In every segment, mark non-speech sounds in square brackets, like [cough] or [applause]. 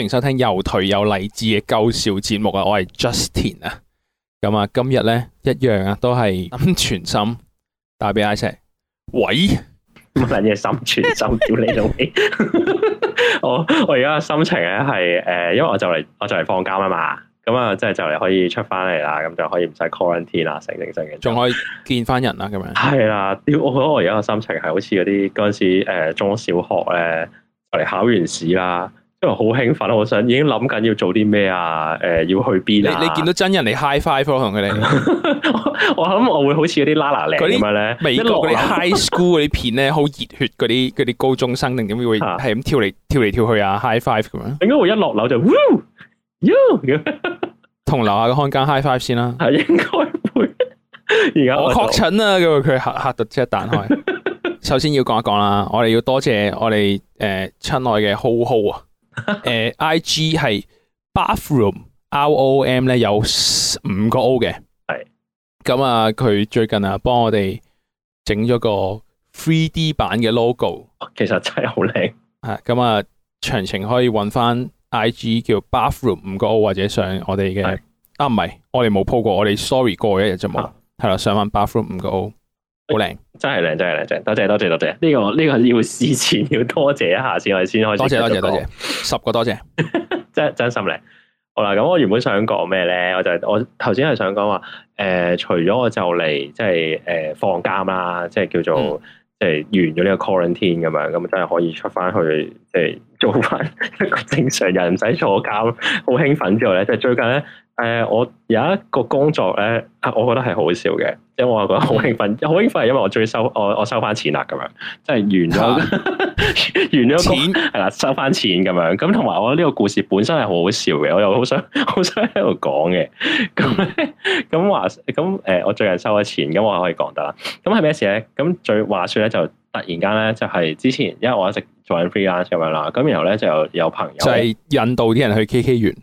歡迎收聽又頹又勵志嘅鳩笑節目啊！我係 Justin 啊，咁啊，今日咧一樣啊，都係心全心，打俾 Ichi。喂，乜嘢心全心屌你老味？我我而家嘅心情咧係誒，因為我就嚟我就嚟放假啦嘛，咁啊，即係就嚟可以出翻嚟啦，咁就可以唔使 quarantine 啦，剩剩剩嘅，仲可以見翻人啦，咁樣係啦。 [laughs] 我我而家嘅心情係好似嗰啲嗰陣時誒、呃，中小學咧就嚟考完試啦。因為好興奮咯，我想已經諗緊要做啲咩啊？誒、呃，要去邊、啊、你你見到真人嚟 high five 咯、啊，同佢哋。我諗我會好似嗰啲拉拉啲咁樣咧，美國嗰啲 high school 嗰啲片咧，好熱血嗰啲啲高中生，定點 [laughs] 會係咁跳嚟 [laughs] 跳嚟跳,跳去啊？high five 咁樣。點解會一落樓就同樓下嘅看更 high five 先啦、啊。係 [laughs] 應該會。而家我確診啊，佢佢吓吓到即刻彈開。 [laughs] 首先要講一講啦，我哋要多謝,謝我哋誒親愛嘅浩浩啊。誒、 [laughs] uh，I G 係 bathroom，R O M 咧有五個 O 嘅，係咁啊，佢、嗯、最近啊幫我哋整咗個 3D 版嘅 logo，其實真係好靚啊！咁啊、嗯，詳情可以搵翻 I G 叫 bathroom 五個 O 或者上我哋嘅，的啊唔係，我哋冇鋪過，我哋 sorry 過一日就冇。係啦、啊，上翻 bathroom 五個 O 好靚的。真係靚，真係靚，多謝多謝多謝，呢個呢個要事前要多謝一下先，我哋先可以開始。多謝多謝，多謝，多，謝，多，謝多謝，十個多謝， [laughs] 真係真心靚。好啦，咁我原本想講咩咧？我就我頭先係想講話，誒、呃，除咗我就嚟即係誒放監啦，即係、呃、叫做、嗯、即係完咗呢個 quarantine 咁樣，咁真係可以出翻去，即係做翻一個正常人，唔使坐監，好興奮之外咧，即係最近咧，誒、呃，我有一個工作咧，我覺得係好笑嘅。因為我覺得好興奮，好興奮係因為我最收我我收翻錢啦，咁樣，即係完咗，啊、 [laughs] 完咗、那個、錢係啦，收翻錢咁樣，咁同埋我呢個故事本身係好好笑嘅，我又好想好想喺度講嘅，咁咁話咁誒，我最近收咗錢，咁我可以講得啦，咁係咩事咧？咁最話說咧，就突然間咧，就係之前，因為我一直做緊 freelance 咁樣啦，咁然後咧就有有朋友就係印度啲人去 K K 園。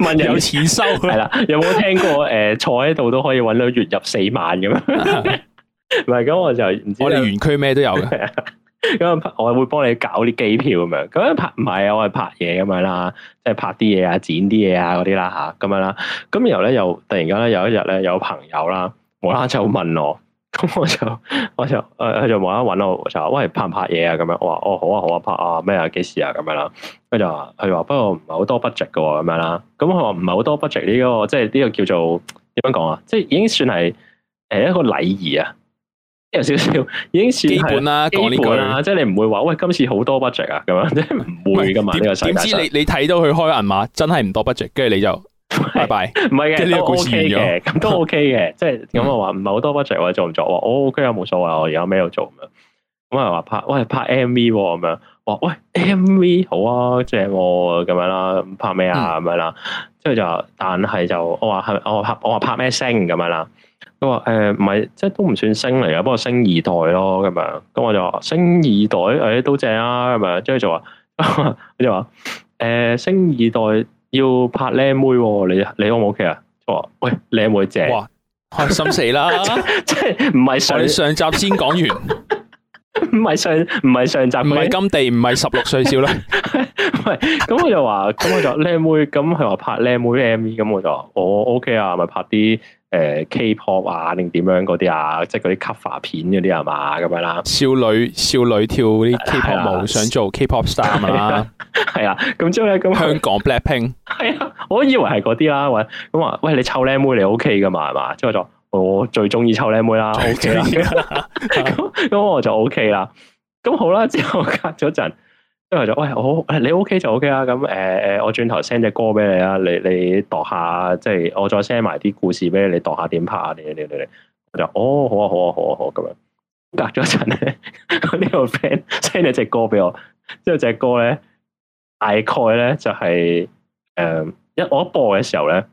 問有錢收係啦， [laughs] 有冇聽過誒、呃、坐喺度都可以揾到月入四萬咁樣？唔係咁我就唔知。我哋園區咩都有嘅。 [laughs] [laughs] [laughs] [laughs] [laughs] [laughs] 咁我會幫你搞啲機票咁樣。咁拍唔係啊，我係拍嘢咁樣啦，即係拍啲嘢啊、剪啲嘢啊嗰啲啦嚇咁樣啦。咁然後咧又突然間咧有一日咧，有朋友啦，冇啦就問我。 [laughs] [laughs] 我就我就佢就搵我咯。我就話，喂，拍唔拍嘢啊？咁樣，我話哦好啊，好啊，拍啊，咩啊，幾時啊咁樣啦，跟住就話，佢話不過唔係好多 budget 嘅咁樣啦，咁佢話唔係好多 budget 呢個即係呢個叫做點樣講啊，即係已經算係誒一個禮儀啊，有少少已經算基本啦，講呢句啦，即係你唔會話喂，今次好多 budget 啊咁樣，即係唔會噶嘛。點知你你睇到佢開銀碼真係唔多 budget，跟住你就。拜拜，唔係嘅，呢 [music] 個故事嘅，咁 [laughs] 都 O K 嘅，即係咁我話唔係好多 budget 我做唔做我 O K 啊，冇所謂，我而家咩都做咁樣，咁啊話拍，喂拍 M V 咁、啊、樣，話喂 M V 好啊，正我咁樣啦，拍咩啊咁樣啦，之後就但係就我話係我拍我話拍咩星咁樣啦，佢話誒唔係，即係都唔算星嚟嘅，不過星二代咯、啊、咁樣，咁我就話星二代，誒、欸、都正啊咁樣，之後就話，佢 [laughs] 就話誒、呃、星二代。要拍靚妹、啊，你你 O 唔 O K 啊？哦，喂，靚妹姐，哇，開心死啦，即係唔係上上集先講完，唔係上唔係上集，唔係金地，唔係十六歲少啦，係，咁我就話，咁我就靚妹，咁佢話拍靚妹 M V，咁我就話，我 O K 啊，咪、就是、拍啲。誒、呃、，K-pop 啊，定點樣嗰啲啊，即係嗰啲 cover 片嗰啲係嘛，咁樣啦、啊。少女少女跳啲 K-pop 舞，pop 啦想做 K-pop star 噶啦，係啊。咁之後咧，咁香港 blackpink，係啊，我以為係嗰啲啦。喂，咁話喂，你臭靚妹你 OK 噶嘛，係嘛、OK？之後就我最中意臭靚妹啦，OK。咁咁我就 OK 啦。咁好啦，之後隔咗一陣。因為就喂我，你 O、OK、K 就 O K 啦。咁誒誒，我轉頭 send 隻歌俾你啊，你你度下。即係我再 send 埋啲故事俾你，你度下點拍啊？你你你你，我就哦好啊好啊好啊好咁、啊、樣。隔咗陣呢個 friend send 一隻歌俾我，之後隻歌咧大概咧就係、是、誒、呃、一我一播嘅時候咧，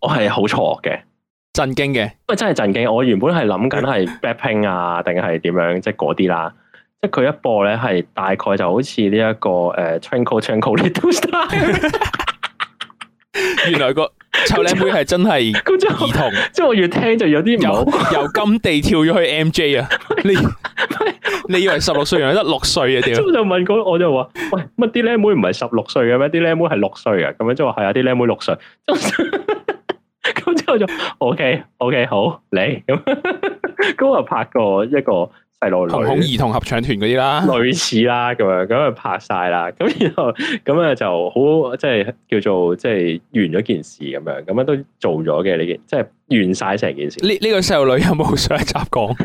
我係好錯嘅，震驚嘅，因為真係震驚。我原本係諗緊係 Blackpink 啊，定係點樣，即係嗰啲啦。即佢一播咧，係大概就好似呢一個誒，Twinkle Twinkle Little Star。哈哈哈哈原來個臭靚妹係真係觀兒童，即係同我越聽就越有啲由由金地跳咗去 M J 啊！你 [laughs] 你以為十六歲人得六歲啊？點？我就問佢，我就話：喂，乜啲靚妹唔係十六歲嘅咩？啲靚妹係六歲啊！」咁、嗯、樣即係話係啊，啲靚、嗯、妹六歲。咁之後就, [laughs] 就 OK OK，好你。」咁。咁我拍過一個。係咯，兒童合唱團嗰啲啦，類似啦，咁樣咁佢拍晒啦，咁然後咁啊就好，即係叫做即係完咗件事咁樣，咁樣都做咗嘅呢件，即係完晒成件事。呢呢個細路女有冇上集講？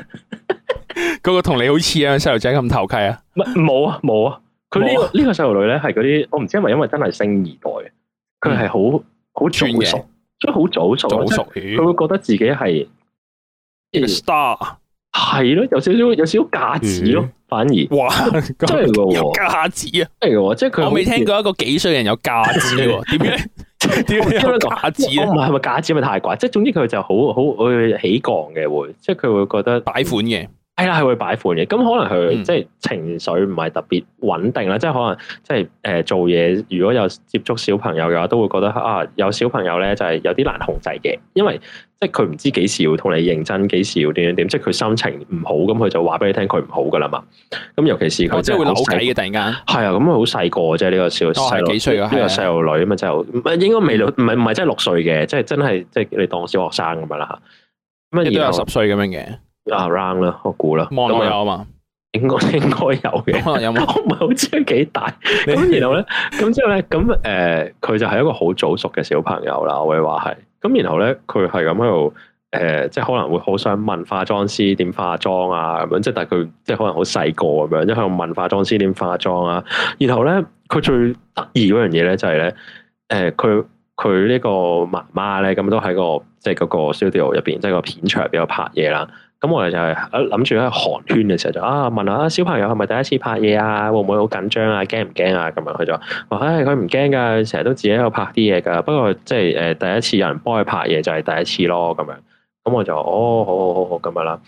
嗰個同你好似啊細路仔咁投契啊？冇啊冇啊，佢呢個呢個細路女咧係嗰啲，我唔知係咪因為真係星二代，佢係好好早熟，即係好早熟，早熟佢會覺得自己係 star。係咯，有少少有少少架子咯，反而哇，嘩真係噶喎，架子啊，係即係佢。我未聽過一個幾歲人有架子喎，點咧 [laughs] 樣？點點解架子咧？我唔係咪架子咪太怪？即係總之佢就好好會起降嘅會，即係佢會覺得擺款嘅，係啊，係會擺款嘅。咁可能佢、嗯、即係情緒唔係特別穩定啦，即係可能即係誒、呃、做嘢，如果有接觸小朋友嘅話，都會覺得啊有小朋友咧就係有啲難控制嘅，因為。即係佢唔知幾時要同你認真，幾時要點樣點，即係佢心情唔好，咁佢就話俾你聽佢唔好噶啦嘛。咁尤其是佢即係會扭計嘅突然間，係啊，咁佢好細個即係，呢、這個小細路，幾歲啊，呢、哦、個細路女啊嘛，即係唔係應該未六，唔係唔係即係六歲嘅，即係真係即係你當小學生咁樣啦吓。咁啊，亦都有十歲咁樣嘅，around 啦，我估啦，望到有啊嘛。應該應該有嘅、啊，可能有冇？唔係好知幾大。 [laughs] 咁然後咧呢，咁 [laughs] 之後咧，咁誒，佢、呃、就係一個好早熟嘅小朋友啦。我可以話係，咁然後咧，佢係咁喺度，誒、呃，即係可能會好想問化妝師點化妝啊，咁樣即係但係佢即係可能好細個咁樣，即係佢問化妝師點化妝啊。然後咧，佢最得意嗰樣嘢咧就係咧，誒、呃，佢佢呢個媽媽咧，咁都喺個即係嗰個 studio 入邊，即係個，個片場比較拍嘢啦。咁，我哋就係諗住喺寒暄嘅時候就啊問，問下小朋友係咪第一次拍嘢啊會唔會好緊張啊驚唔驚啊咁樣。佢就話，唉，佢唔驚噶，成日都自己喺度拍啲嘢噶，不過即係誒，第一次有人幫佢拍嘢就係第一次咯咁樣。咁我就話哦，好好好好，咁樣啦、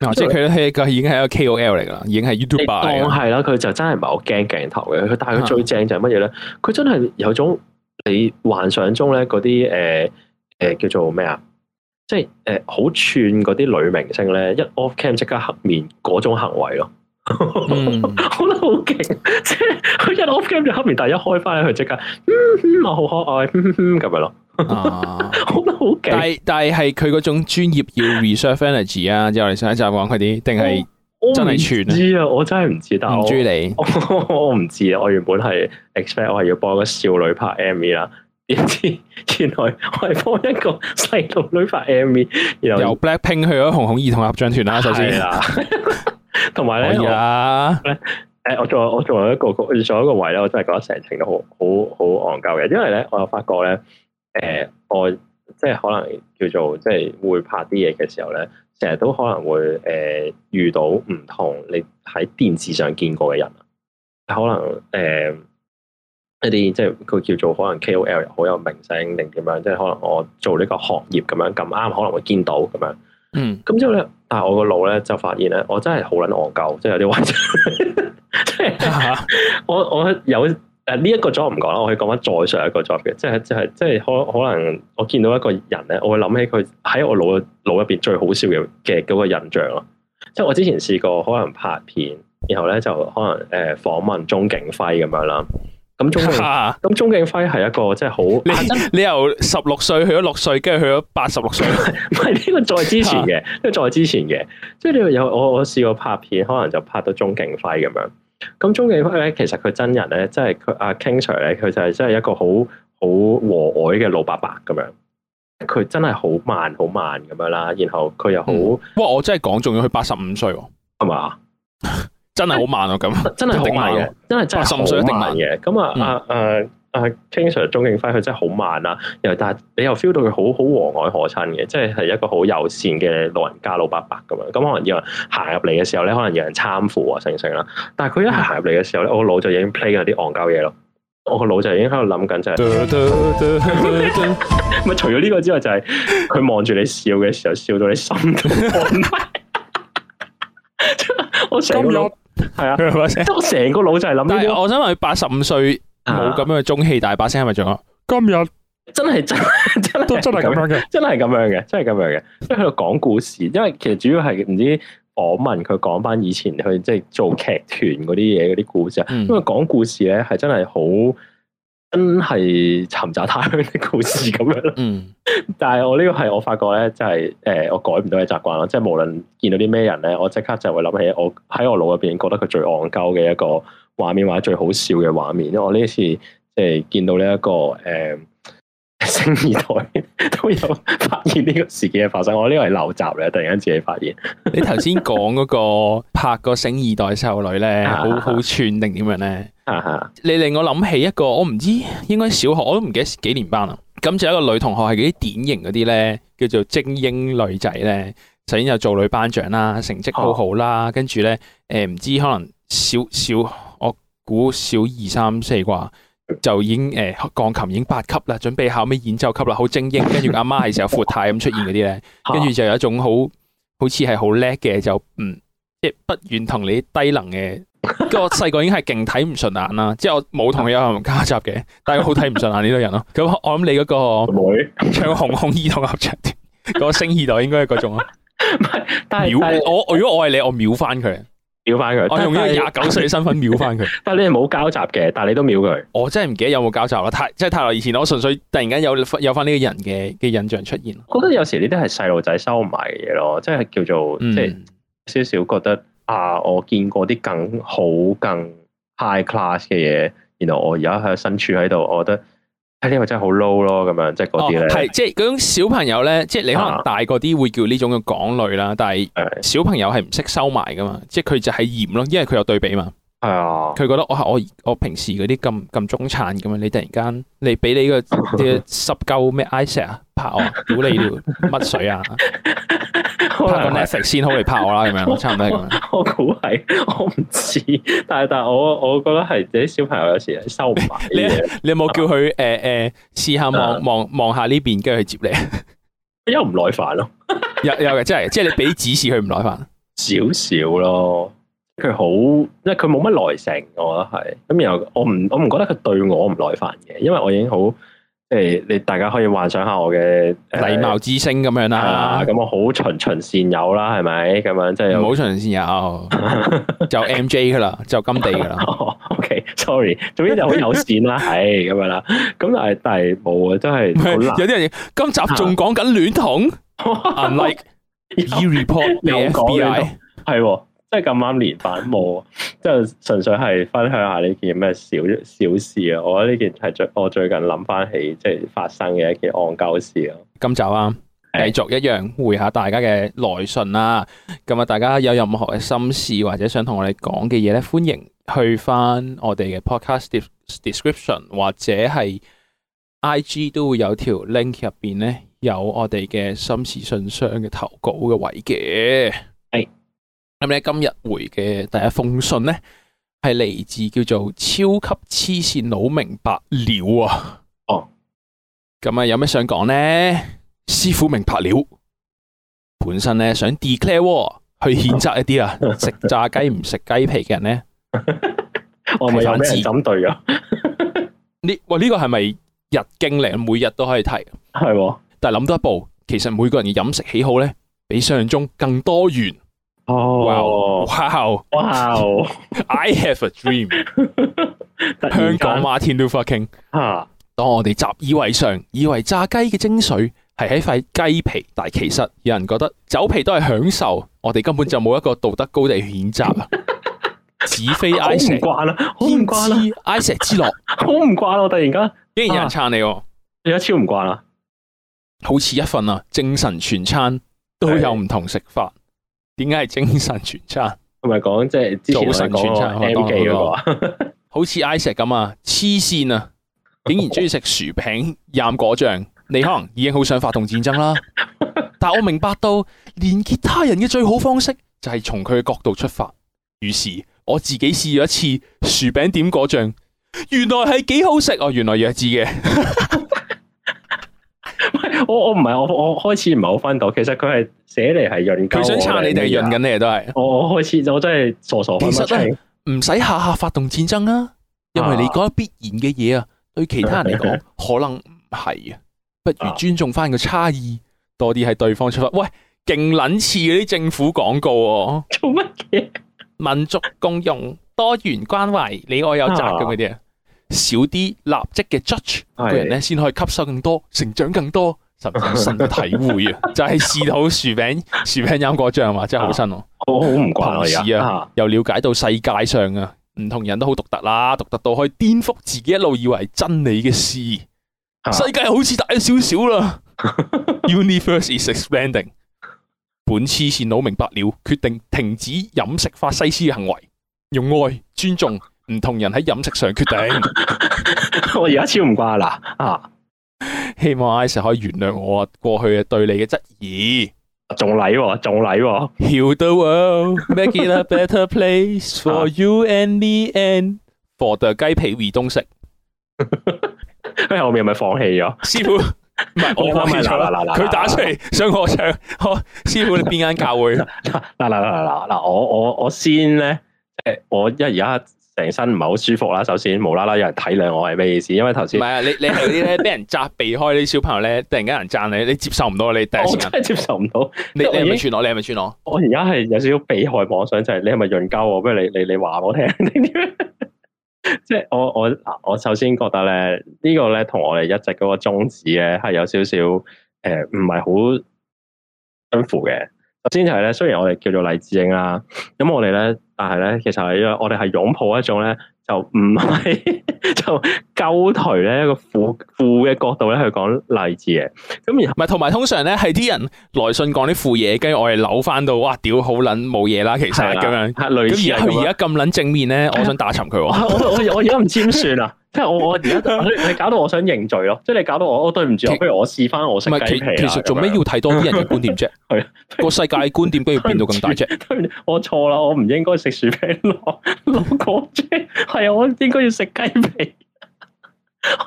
啊、即係佢已經係一個 K O L 嚟噶啦，已經係 YouTube 當係啦，佢就真係唔係好驚鏡頭嘅佢。但係佢最正就係乜嘢咧？佢真係有種你幻想中咧嗰啲誒誒叫做咩啊？即係誒，好串嗰啲女明星咧，一 off cam 即刻黑面嗰種行為咯，好、嗯、 [laughs] 得好勁！即係佢一 off cam 就黑面，但係一開翻去，即刻，嗯嗯，我、嗯、好可愛咁、嗯嗯、樣咯，好、啊、 [laughs] 得好勁。但係但係係佢嗰種專業要 reserve energy 啊，即係我哋上一集講佢啲，定係真係串啊？我真係唔知道，但係我唔知你， [laughs] 我唔知啊！我原本係 expect 我係要幫個少女拍 MV 啦。點知 [laughs] 原來我係幫一個細路女拍 MV，然後由 Black Pink 去咗紅紅兒童合唱團啦， [laughs] 首先。同埋咧，咧 [laughs] 呢，誒，我做我做一個有一個上一個位咧，我真係覺得成程都好好好憨鳩嘅，因為咧、呃，我又發覺咧，誒，我即係可能叫做即係會拍啲嘢嘅時候咧，成日都可能會誒、呃、遇到唔同你喺電視上見過嘅人可能誒。呃即係佢叫做可能 KOL 又好有名聲定點樣，即係可能我做呢個行業咁樣咁啱，可能會見到咁樣。嗯，咁之後咧，但係我個腦咧就發現咧、 [laughs] [laughs] 啊，我真係好撚戇鳩，即係有啲屈。即係我我有誒呢一個 job 唔講啦，我可以講翻再上一個 job 嘅，即係即係即係可可能我見到一個人咧，我會諗起佢喺我腦腦入邊最好笑嘅嘅嗰個印象咯。即係我之前試過可能拍片，然後咧就可能誒、呃、訪問鍾景輝咁樣啦。咁鍾，咁鍾景輝係 [laughs] 一個真係好，你 [laughs] 你由十六歲去咗六歲，跟住去咗八十六歲，唔係呢個再之前嘅，呢 [laughs] 個再之前嘅，即係你有我我試過拍片，可能就拍到鍾景輝咁樣。咁鍾景輝咧，其實佢真人咧，即係佢阿 King Sir 咧，佢就係真係一個好好和藹嘅老伯伯咁樣。佢真係好慢，好慢咁樣啦。然後佢又好、嗯，哇！我真係講仲要佢八十五歲，係嘛？真係好慢啊！咁真係好慢嘅，真係真係心水定慢嘅。咁啊，阿阿阿 King Sir 鍾景輝佢真係好慢啊！又但係你又 feel 到佢好好和藹可親嘅，即係係一個好友善嘅老人家老伯伯咁樣。咁可能要行入嚟嘅時候咧，可能有人攙扶啊，剩剩啦。但係佢一係行入嚟嘅時候咧，我個腦、嗯、就已經 play 緊啲戇鳩嘢咯。我個腦就已經喺度諗緊就係咪除咗呢個之外，就係佢望住你笑嘅時候，笑到你心都我成係啊，都成個腦就係諗、這個。但係我想問佢，八十五歲冇咁樣嘅中氣大把聲，係咪仲啊？是是今日真係真真都真係咁樣嘅，真係咁樣嘅，真係咁樣嘅。即係喺度講故事，因為其實主要係唔知我問佢講翻以前佢即係做劇團嗰啲嘢嗰啲故事，嗯、因為講故事咧係真係好。真係尋找他鄉的故事咁樣咯，嗯、 [laughs] 但係我呢個係我發覺咧，即係誒，我改唔到嘅習慣咯。即係無論見到啲咩人咧，我即刻就會諗起我喺我腦入邊覺得佢最戇鳩嘅一個畫面，或者最好笑嘅畫面。因為我呢次即係、呃、見到呢、這、一個誒。呃星二代都有發現呢個事件嘅發生，我呢個係漏閘咧，突然間自己發現。你頭先講嗰個拍個星二代少女咧， [laughs] 好好串定點樣咧？ [laughs] 你令我諗起一個，我唔知應該小學我都唔記得幾年班啦。咁就有一個女同學係幾典型嗰啲咧，叫做精英女仔咧。首先有做女班長啦，成績好好啦，哦、跟住咧，誒、呃、唔知可能少少，我估小二三四啩。就已經誒、鋼、呃、琴已經八級啦，準備考咩演奏級啦，好精英。跟住阿媽係時候闊太咁出現嗰啲咧，跟住、啊、就有一種好好似係好叻嘅，就唔、嗯，即係不願同你低能嘅。我細個已經係勁睇唔順眼啦，即係我冇同佢有交集嘅，但係好睇唔順眼呢、 [laughs] 啊那個人咯。咁我諗你嗰個唱紅紅兒童合唱團，那個星二代應該係嗰種啊。但係我，我，我如果我係你，我，你我秒返佢。秒翻佢，我用呢個廿九歲身份秒翻佢。 [laughs] 但係你係冇交集嘅，但係你都秒佢。我真係唔記得有冇交集啦，太即係太耐以前我純粹突然間有有翻呢個人嘅嘅印象出現。我覺得有時呢啲係細路仔收唔埋嘅嘢咯，即係叫做即係少少覺得啊，我見過啲更好、更 high class 嘅嘢，然後我而家喺身處喺度，我覺得。呢個真係好 low 咯，咁樣即係嗰啲咧。係、哦、即係嗰種小朋友咧，啊、即係你可能大嗰啲會叫呢種嘅港女啦，但係小朋友係唔識收埋噶嘛，即係佢就係嫌咯，因為佢有對比嘛。係啊，佢覺得我我我平時嗰啲咁咁中產咁樣，你突然間你俾你個啲 [laughs] 十鳩咩 ice 啊拍我，屌你乜水啊！ [laughs] 拍緊你食先，好嚟拍我啦，咁樣，我差唔多咁樣。我估係，我唔知，但係但係我我覺得係自己小朋友有時收唔埋。 [laughs] 你你有冇叫佢誒誒試下望望望下呢邊，跟住去接你？因為有唔耐煩咯？ [laughs] 有有嘅，即係即係你俾指示佢唔耐煩， [laughs] 少少咯。佢好，因為佢冇乜耐性，我覺得係。咁然後我唔我唔覺得佢對我唔耐煩嘅，因為我已經好。誒，你大家可以幻想下我嘅禮貌之星咁樣啦，咁我好循循善誘啦，係咪？咁樣即係唔好循循善誘，就 MJ 噶啦，就金地噶啦。OK，sorry，總之就好友善啦，係咁樣啦。咁但係但係冇啊，真係有啲人今集仲講緊戀童，Unlike E Report FBI，係喎。即係咁啱連翻冇，即係 [laughs] 純粹係分享下呢件咩小小事啊！我覺得呢件係最我最近諗翻起即係、就是、發生嘅一件戇鳩事咯。今集啊，繼續一樣回下大家嘅來信啦。咁啊，大家有任何嘅心事或者想同我哋講嘅嘢咧，歡迎去翻我哋嘅 podcast description 或者係 IG 都會有條 link 入邊咧，有我哋嘅心事信箱嘅投稿嘅位嘅。咁你今日回嘅第一封信咧，係嚟自叫做超級黐線佬，明白了啊！哦，咁啊，有咩想講咧？師傅明白了，本身咧想 declare 去譴責一啲啊食炸雞唔食雞皮嘅人咧，我咪、哦、 [laughs] 實有咩針對噶？呢喂，呢個係咪日經嚟？每日都可以提，係嗎，但係諗多一步，其實每個人嘅飲食喜好咧，比想象中更多元。哦！哇！哇！哇！I have a dream [laughs] 間。香港馬丁都 fucking 吓！當我哋習以為常，以為炸雞嘅精髓係喺塊雞皮，但係其實有人覺得走皮都係享受，我哋根本就冇一個道德高地譴責啊！子 [laughs] 非 ice 慣啦，好唔慣 ice 之樂，好唔慣啊！突然間竟然有人撐你，而家、啊、超唔慣啦！好似一份啊，精神全餐都有唔同食法。點解係精神傳承？同咪講即係祖神傳承、那個、好似 [laughs] Isaac 咁啊，黐線啊！竟然中意食薯餅蘸果醬，你可能已經好想發動戰爭啦。 [laughs] 但我明白到連結他人嘅最好方式，就係從佢嘅角度出發。於是我自己試咗一次薯餅點果醬，原來係幾好食哦！原來弱智嘅。 [laughs] 我我唔係我我開始唔係好分到，其實佢係寫嚟係潤。佢想差你哋潤緊你哋都係。我我開始我真係傻傻。其實真係唔使下下發動戰爭啊，因為你覺得必然嘅嘢，啊，對其他人嚟講可能唔係啊，不如尊重翻個差異，多啲喺對方出發。喂，勁撚似嗰啲政府廣告哦、啊，做乜嘢？民族共融，多元關懷、你我有責咁嘅啲啊，啊少啲立即嘅 judge，個人咧先可以吸收更多、成長更多。十分深嘅體會啊，就係試到薯餅薯餅飲果醬啊嘛，真係好新哦，好唔慣住啊，啊又了解到世界上啊，唔同人都好獨特啦，獨特到可以顛覆自己一路以為真理嘅事，啊、世界好似大咗少少啦。 [laughs] Universe is expanding。本次善腦明白了，決定停止飲食法西斯嘅行為，用愛尊重唔同人喺飲食上決定。 [laughs] 我而家超唔慣啦啊！啊希望 Isa 可以原諒我過去嘅對你嘅質疑。仲禮喎，仲禮喎，仲禮，Heal the world, make it a better place for you and me，and for the 雞皮 We 東食！喺 [laughs] 後面係咪放棄咗？師傅唔係我講錯 [laughs] 啦，佢打出嚟想我唱，師傅你邊間教會？嗱嗱嗱嗱嗱，我我我先咧，誒，我一而家。成身唔係好舒服啦，首先無啦啦有人體諒我係咩意思？因為頭先唔係啊，你你係嗰啲咧，俾人扎避開啲小朋友咧，突然間人讚你，你接受唔到，你第日真接受唔到。 [laughs] 你你係咪串我？你係咪串我？我而家係有少少被害妄想，就係、是、你係咪潤溝？不如你你你話我聽。即 [laughs] 係 [laughs] 我我我首先覺得咧呢、這個咧同我哋一直嗰個宗旨咧係有少少誒唔係好相符嘅。首先就係咧，雖然我哋叫做黎智英啦，咁我哋咧。但係咧，其實係因為我哋係擁抱一種咧，就唔係 [laughs] 就鳩抬咧一個負負嘅角度咧去講例子嘅。咁而唔係同埋通常咧係啲人來信講啲負嘢，跟住我哋扭翻到哇，屌好捻冇嘢啦，其實咁的樣。類似佢而家咁捻正面咧，我想打沉佢。 [laughs] 我我我而家唔知點算啊！ [laughs] 即係 [laughs] 我我而家你搞到我想認罪咯，即係你搞到我我對唔住，不其如我試翻我食雞皮啦唔係，其其實做咩要睇多啲人嘅觀點啫？係啊， [laughs] 個世界觀點解要變到咁大啫？我錯啦，我唔應該食薯片、羅攞果醬，係我應該要食雞皮。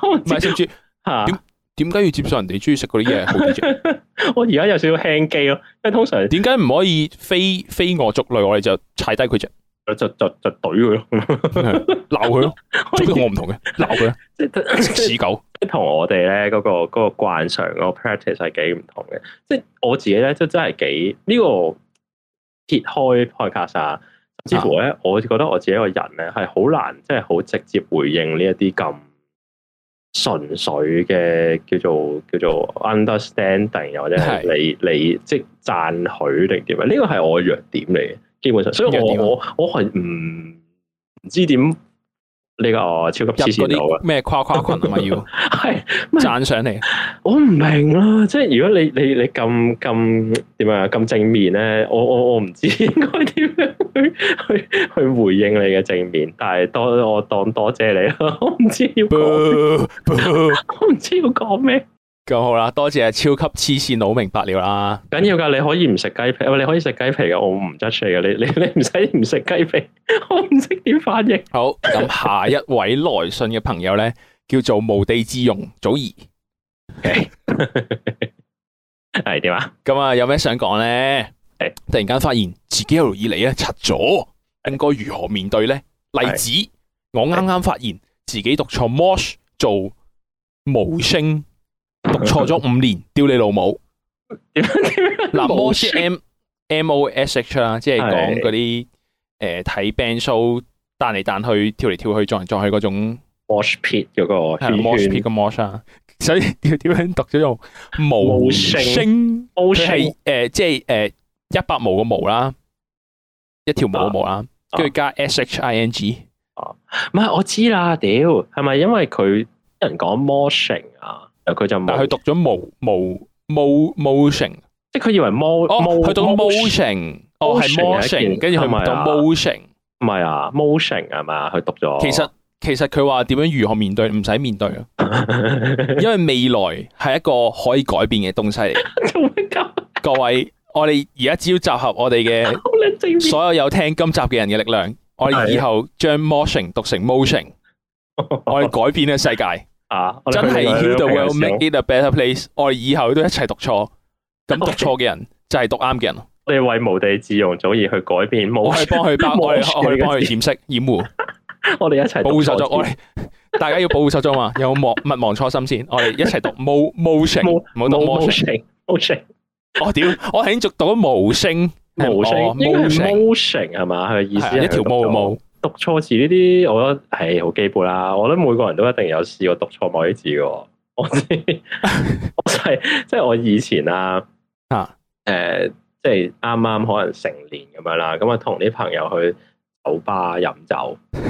唔 [laughs] 係，食住吓，點點解要接受人哋中意食嗰啲嘢好啲啫？ [laughs] 我而家有少少輕機咯，因為通常點解唔可以非非我族類，我哋就踩低佢啫。就就就懟佢咯，鬧佢咯。咁我唔同嘅，鬧佢咯，即係似狗。即係同我哋咧嗰個嗰個慣常個 practice 係幾唔同嘅。即係我自己咧，即係真係幾呢個揭開 podcast。甚至乎咧，我覺得我自己一個人咧係好難，即係好直接回應呢一啲咁純粹嘅叫做叫做 understanding，又或者係你是的 你即係讚許定點啊？呢個係我嘅弱點嚟嘅。基本上，所以我我我係唔唔知點呢個超級黐線佬嘅咩誇誇群咁咪要係讚賞你，我唔明啦。即係如果你你你咁咁點樣咁正面咧，我我我唔知應該點樣去去去回應你嘅正面。但係多我當多謝，謝你啦，我唔知要 Boo, Boo. [laughs] 我唔知要講咩。咁好啦，多謝超級黐線佬，明白了啦。緊要噶，你可以唔食雞皮，唔你可以食雞皮嘅，我唔執氣嘅，你你你唔使唔食雞皮，我唔識點反應。好，咁、嗯、下一位來信嘅朋友咧，叫做無地自容，祖兒。係點啊？咁啊，有咩想講咧？突然間發現自己一路以嚟啊，柒咗，應該如何面對咧？例子， [laughs] 我啱啱發現自己讀錯 mosh 做無聲。 [laughs] 讀錯咗五年，丟你老母！點樣點樣嗱？Mosh M M O S H 啊，即係講嗰啲誒睇 band show 彈嚟彈去，跳嚟跳去，撞嚟撞去嗰種。Mosh pit 嗰個係 Mosh pit 個 Mosh 啊！所以要點樣讀？叫做毛星。o 誒，即係誒，一百毛個毛啦，一條毛個毛啦，跟住加 S H I N G。唔係，我知啦，屌係咪？因為佢人講 motion 啊。佢就，但係佢讀咗冇冇冇 o motion，即係佢以為 mo 哦，佢讀咗 motion 哦，係 motion，跟住佢讀 motion，唔係啊，motion 係嘛？佢讀咗。其實其實佢話點樣如何面對，唔使面對啊，因為未來係一個可以改變嘅東西嚟。做乜咁？各位，我哋而家只要集合我哋嘅所有有聽今集嘅人嘅力量，我哋以後將 motion 讀成 motion，我哋改變個世界。啊！真係 make it a better place。我哋以後都一齊讀錯，咁讀錯嘅人就係讀啱嘅人。我哋為無地自容，早而去改變。我係幫佢包，我哋我掩飾掩護。我哋一齊保護手足。我哋大家要保護手足啊！有忘勿忘初心先。我哋一齊讀 motion，唔好讀 motion。O.K. 我屌，我喺度讀咗無聲，無聲，motion 係嘛？佢意思係一條毛嘅毛。讀錯字呢啲，我覺得係好基本啦。我諗每個人都一定有試過讀錯某啲字嘅。我知， [laughs] 我係即係我以前啦，啊、 [laughs] 呃，誒，即係啱啱可能成年咁樣啦。咁啊，同啲朋友去酒吧飲酒，呢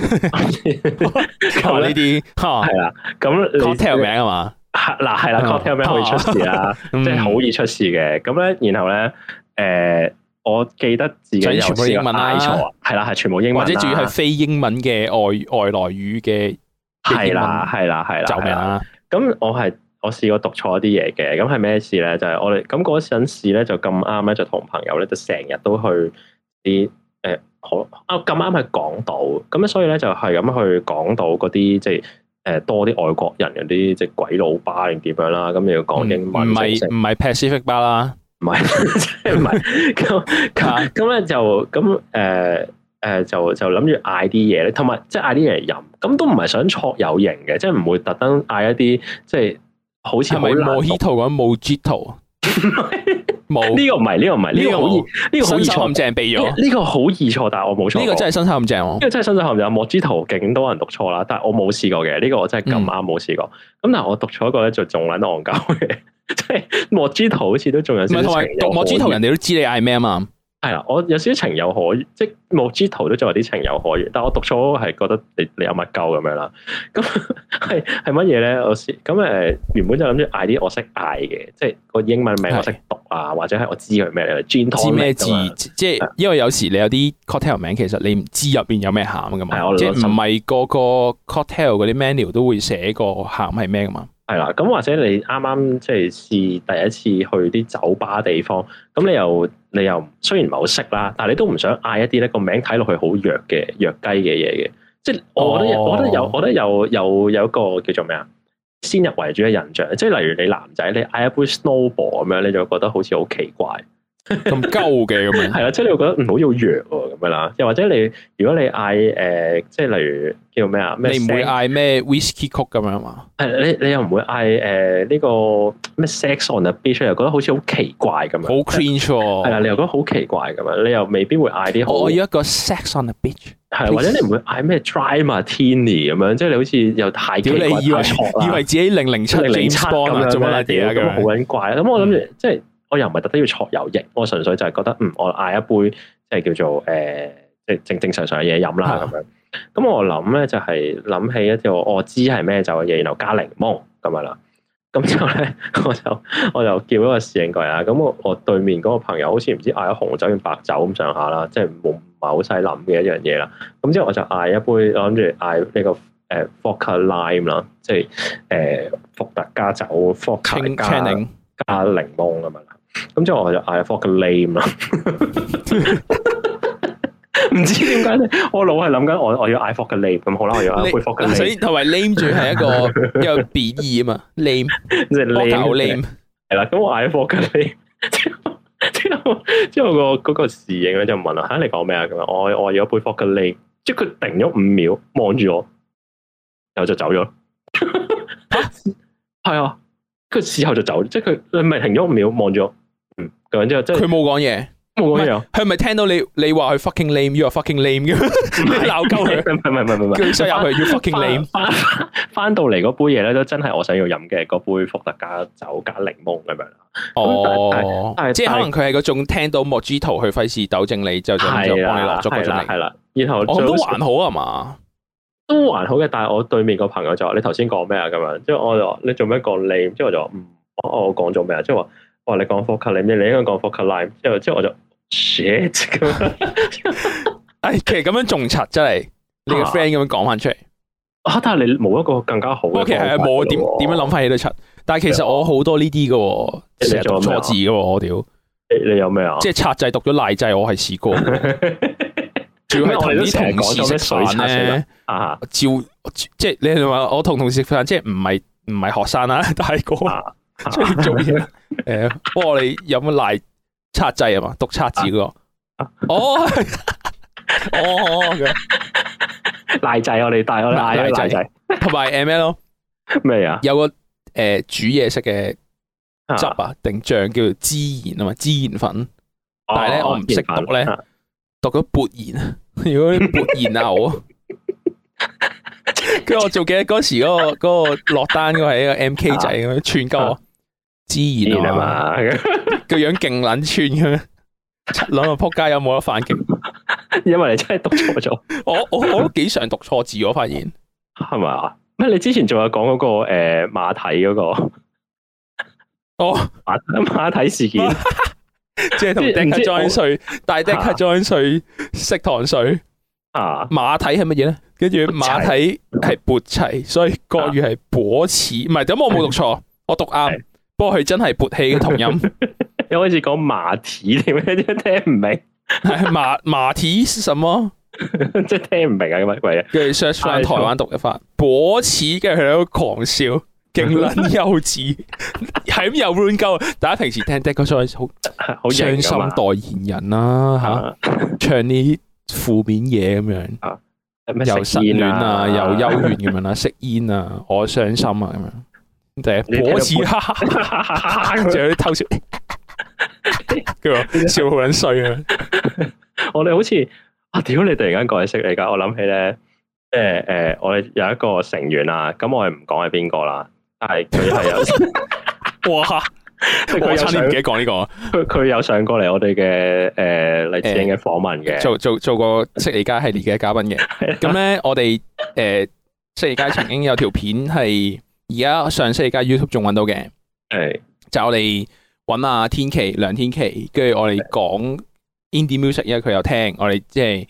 啲係啦。咁 cocktails、 [laughs] 就是、名啊嘛，嗱係啦，cocktails 名好易出事啦，即係好易出事嘅。咁咧，然後咧，誒、呃。我記得自己有試，係啦、啊，係全部英文、啊，或者主要係非英文嘅外外來語嘅，係啦，係啦，係啦，係啦。咁我係我試過讀錯一啲嘢嘅，咁係咩事咧？就係、是、我哋咁嗰陣時咧，就咁啱咧，就同朋友咧，就成日都去啲誒，好啊咁啱係港島，咁所以咧就係咁去港島嗰啲即係誒、呃、多啲外國人嗰啲即係鬼佬巴定點樣啦？咁你要講英文，唔係唔、嗯、係 Pacific 吧啦。唔係，即係唔係咁咁咧就咁誒誒就就諗住嗌啲嘢咧，同埋即係嗌啲嘢嚟飲，咁都唔係想錯有型嘅，即係唔會特登嗌一啲即係好似係咪冇 hit 圖咁冇 z 圖？唔係，冇呢個唔係呢個唔係呢個好呢個好易錯咁正秘咗，呢個好易錯，但係我冇錯呢個真係新丑咁正，呢個真係新丑咁正。莫 z 圖，勁多人讀錯啦，但係我冇試過嘅，呢個我真係咁啱冇試過。咁但係我讀錯一個咧，就仲捻戇鳩嘅。即係莫之圖，好似都仲有少少。莫之圖點點，人哋都知你嗌咩啊嘛。係啦，我有少少情有可，即係莫之圖都仲有啲情有可原。但係我讀錯，係覺得你你有乜鳩咁樣啦。咁係係乜嘢咧？我咁誒，原本就諗住嗌啲我識嗌嘅，即係個英文名我識讀啊，是或者係我知佢咩專知咩字。樣即係因為有時你有啲 cocktail 名，其實你唔知入邊有咩餡噶嘛。即係唔係個個 cocktail 嗰啲 menu 都會寫個餡係咩噶嘛？係啦，咁或者你啱啱即係試第一次去啲酒吧地方，咁你又你又雖然唔係好識啦，但係你都唔想嗌一啲咧，個名睇落去好弱嘅弱雞嘅嘢嘅，即係我覺得我覺得有、哦、我覺得有有有一個叫做咩啊，先入為主嘅印象，即係例如你男仔你嗌一杯 Snowball 咁樣，你就覺得好似好奇怪。咁鳩嘅咁樣，係啦，即係你覺得唔好要弱咁樣啦，又或者你如果你嗌誒，即係例如叫做咩啊？你唔會嗌咩 whisky 曲咁樣嘛？係你你又唔會嗌誒呢個咩 sex on the beach 又覺得好似好奇怪咁樣？好 cringe 係啦，你又覺得好奇怪咁樣，你又未必會嗌啲。我要一個 sex on the beach，係或者你唔會嗌咩 dry martini 咁樣，即係你好似又太奇怪。以為以為自己零零七 James Bond 啊，做乜嘢咁？好鬼怪咁，我諗住即係。我又唔係特登要挫油益，我純粹就係覺得，嗯，我嗌一杯即係叫做誒，即、呃、係正正常常嘅嘢飲啦咁樣。咁我諗咧就係、是、諗起一條，我知係咩酒嘅嘢，然後加檸檬咁樣啦。咁之後咧，我就我就叫咗個侍應過嚟啦。咁我我對面嗰個朋友好似唔知嗌咗紅酒白酒咁上下啦，即係冇唔係好細諗嘅一樣嘢啦。咁之後我就嗌一杯，我諗住嗌呢個誒 Vodka Lime 啦，即係誒伏特加酒，Forker 伏特加加檸、檸檬啊嘛～咁之後我就嗌咗 fork 嘅 lame 啦，唔知點解我老係諗緊我我要嗌 fork 嘅 lame 咁好啦，我要嗌杯 fork 嘅 lame，所以同埋 lame 住係一個有貶 [laughs] 義啊，lame 即係 lame 係啦，咁我嗌咗 fork 嘅 lame 之後之後個嗰個侍應咧就問啦，吓，你講咩啊咁樣，我我要一杯 fork 嘅 lame，即係佢停咗五秒望住我，然後就走咗，係 [laughs] 啊， [laughs] 佢事後就走，即係佢唔係停咗五秒望住我。佢冇講嘢，冇講嘢。佢係咪聽到你你話佢 fucking lame，要話 fucking lame 嘅，鬧鳩佢，唔係唔係唔係唔係。叫佢入去，要 fucking lame。翻翻到嚟嗰杯嘢咧，都真係我想要飲嘅，嗰杯伏特加酒加檸檬咁樣哦，即係可能佢係嗰種聽到莫之圖去費事糾正你之後，就幫你落咗個檸檬。係啦，然後都還好啊嘛，都還好嘅。但係我對面個朋友就話你頭先講咩啊咁樣？即係我就話你做咩講 lame，即係我就唔講我講咗咩啊，即係話。我、哦、你講 f o 你咩？你應該講 f o line。之後之後我就 shit 咁、 [laughs] [laughs] 哎。其實咁樣仲柒真係你個 friend 咁樣講翻出嚟、啊。啊，但係你冇一個更加好。不過其實係冇點點樣諗翻起都柒。但係其實我好多呢啲嘅，寫咗錯字嘅。我屌你，你有咩啊？即係拆制讀咗賴制，我係試過。仲 [laughs] 要係同啲同事食 [laughs] 水咧。啊，照即係你話我同同事食飯，即係唔係唔係學生啊？大哥出去做嘢。啊 [laughs] [laughs] 誒，我、 [laughs] 呃、你有冇賴冊仔啊？嘛，讀冊字、那個 [laughs] [laughs] 哦？哦，哦，賴仔我哋帶我哋賴啊同埋 M、A、L 咩啊？O, 呀有個誒、呃、煮嘢食嘅汁啊定醬叫做孜然啊嘛，孜然粉，但係咧、哦、我唔識讀咧，哦、讀咗撥然啊，如果撥然啊牛那、那個，跟住我仲記得時嗰個嗰、那個落單嗰個係一個 M K 仔咁樣串鳩我。 [laughs] 自然啊嘛，個 [laughs] 樣勁捻串嘅咩？七捻個仆街有冇得反擊？ [laughs] 因為你真係讀錯咗， [laughs] 我我我都幾常讀錯字，我發現係咪啊？咩？你之前仲有講嗰個誒馬體嗰個？呃、個哦，馬馬體事件，事件 [laughs] [laughs] 即係同丁 i c k 大丁 i c k j 糖水啊？水馬體係乜嘢咧？跟住馬體係鉢砌，所以國語係跛齒，唔係咁我冇讀錯，我讀啱。不過佢真係撥氣嘅同音，一開始講麻蹄點解聽唔明？麻麻蹄是什麼？即 [laughs] 係聽唔不明懂 [laughs] [laughs] 啊！咁乜鬼嘢，跟住 search 翻台灣讀一翻，果齒跟住喺度狂笑，勁撚幼，幼稚，喺咁又亂鳩。大家平時聽 deca joins 好傷心代言人啦，吓唱啲負面嘢咁樣，又失戀啊，又幽怨咁樣啦，食煙啊，我傷心啊咁樣。 [laughs] 我只黑，跟住有啲偷笑，， [laughs] 笑，， [laughs] 笑好撚衰啊！我哋好似啊屌！你突然間講起悉尼街，你家我諗起咧，誒誒，我哋，呃呃，有一個成員啦，咁我哋唔講係邊個啦，但係佢係有 [laughs] 哇！ [laughs] 我差點唔記得講呢個， [laughs] 佢有上過嚟我哋嘅誒黎智英嘅訪問嘅，呃，做做做過悉尼街系列嘅嘉賓嘅，咁咧 [laughs] 我哋誒悉尼街曾經有條片係。而家上星期 YouTube 仲揾到嘅，就我哋揾阿天琪梁天琪，跟住我哋講 Indie Music，因為佢有聽，我哋即係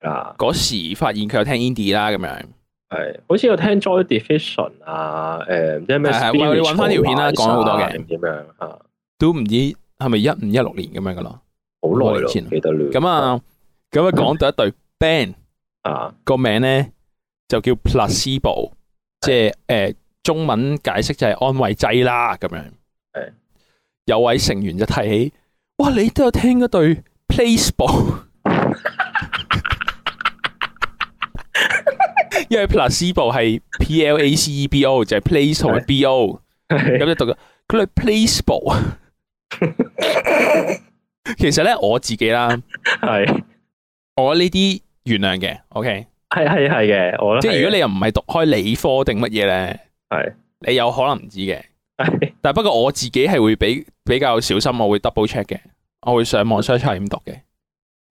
嗱嗰時發現佢有聽 Indie 啦，咁樣係，好似有聽 Joy Division 啊，誒，即係咩？我哋揾翻條片啦，講好多嘅，點樣啊？都唔知係咪一五一六年咁樣噶咯？好耐前，記得咁啊，咁啊，講到一對 band 啊，個名咧就叫 Placebo，即係誒。中文解釋就係安慰劑啦，咁樣。係是的 有位成員就提起，哇！你都有聽嗰對 placebo， [laughs] [laughs] [laughs] 因為 placebo 係 p-l-a-c-e-b-o，就係 place b-o 咁樣讀嘅。佢係 placebo。 [laughs] 其實咧，我自己啦，係的我呢啲原諒嘅。OK，係係係嘅，我即係如果你又唔係讀開理科定乜嘢咧。係，你有可能唔知嘅，是但係不過我自己係會比比較小心，我會 double check 嘅，我會上網 search 係點讀嘅。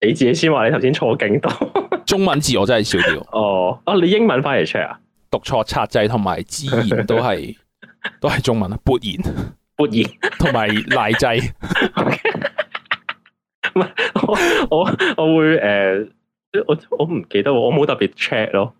你自己先話你頭先錯勁多，中文字我真係少啲。哦，啊你英文返嚟 check 啊？讀錯拆字同埋字義都係都係中文啊，撥 [laughs] 言撥言同埋賴制。唔係 [laughs] [laughs] [laughs] 我我我會誒、uh,，我我唔記得我冇特別 check 咯。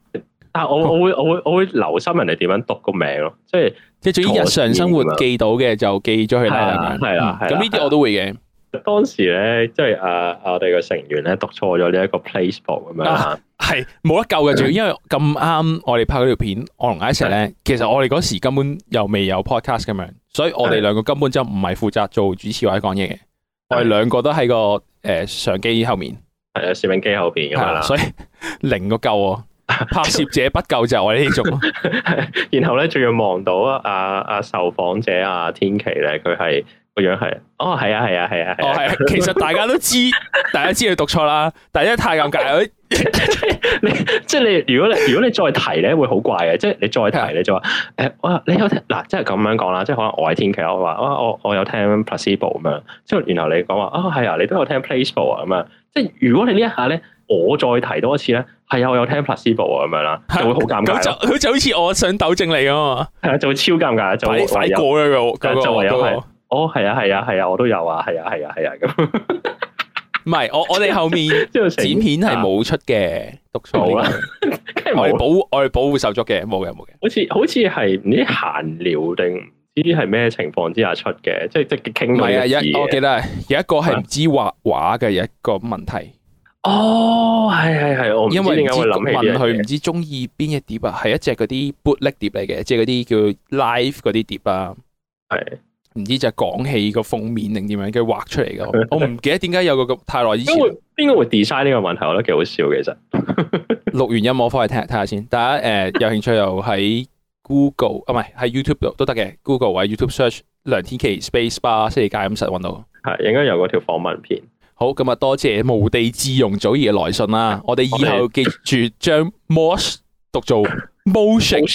啊、我我會我會我會留心人哋點樣讀個名咯，即係坐線 即係，至於日常生活記到嘅就記咗佢啦。係啦、啊，係咁呢啲我都會嘅、啊啊。當時咧，即係阿我哋個成員咧讀錯咗呢一個 placebook 咁樣。係冇、啊、得救嘅，仲要的因為咁啱我哋拍嗰條片我同 Iset 咧，的其實我哋嗰時根本又未有 podcast 咁樣，所以我哋兩個根本就唔係負責做主持或者講嘢嘅，的我哋兩個都喺個誒相機後面，係啊，攝影機後邊噶嘛，所以零個救。拍攝者不夠就我呢種， [laughs] 然後咧仲要望到阿阿受訪者啊，天琪咧，佢係個樣係，哦，係啊，係啊，係啊，哦，係，其實大家都知，大家知道讀錯啦，但係真係太尷尬，你即係你如果你如果你再提咧會好怪嘅，即係你再提，你，再提你，你就話，誒，我你有聽嗱，即係咁樣講啦，即係可能我係天琪，我話，啊我我有聽 Placebo 咁樣，即係然後你講話，啊係啊，你都有聽 Placebo 啊咁樣，即係如果你呢一下咧，我再提多一次咧。係啊，我有聽 Possible 咁樣啦，就會好尷尬。咁就佢就好似我想糾正你啊嘛，係啊，就會超尷尬，就快過咗個嗰個。哦，係啊，係啊，係啊，我都有啊，係啊，係啊，係啊，咁。唔係，我我哋後面即剪片係冇出嘅，讀錯啦。我保我哋保護手足嘅，冇嘅冇嘅。好似好似係唔知閒聊定唔知係咩情況之下出嘅，即係積極傾偈。係啊？有我記得有一個係唔知畫畫嘅有一個問題。哦，係係係，我因為唔知為問佢，唔知中意邊一碟，碟啊，係一隻嗰啲 bootleg 碟嚟嘅，即係嗰啲叫 live 嗰啲碟啊。係，唔知就係講起個封面定點樣嘅畫出嚟嘅？ [laughs] 我唔記得點解有個咁太耐以前。因為邊個會，會 design 呢個問題，我覺得幾好笑。其實錄完音樂我翻去睇睇下先。大家誒、呃、有興趣又喺 Google 啊， [laughs] 唔係喺 YouTube 度都得嘅。Google 或 YouTube search 梁天琪 space bar 星期街咁實揾到。係，應該有嗰條訪問片。好，咁啊，多謝無地自容祖兒嘅來信啦！ [laughs] 我哋以後記住將 motion [laughs] 讀做 motion，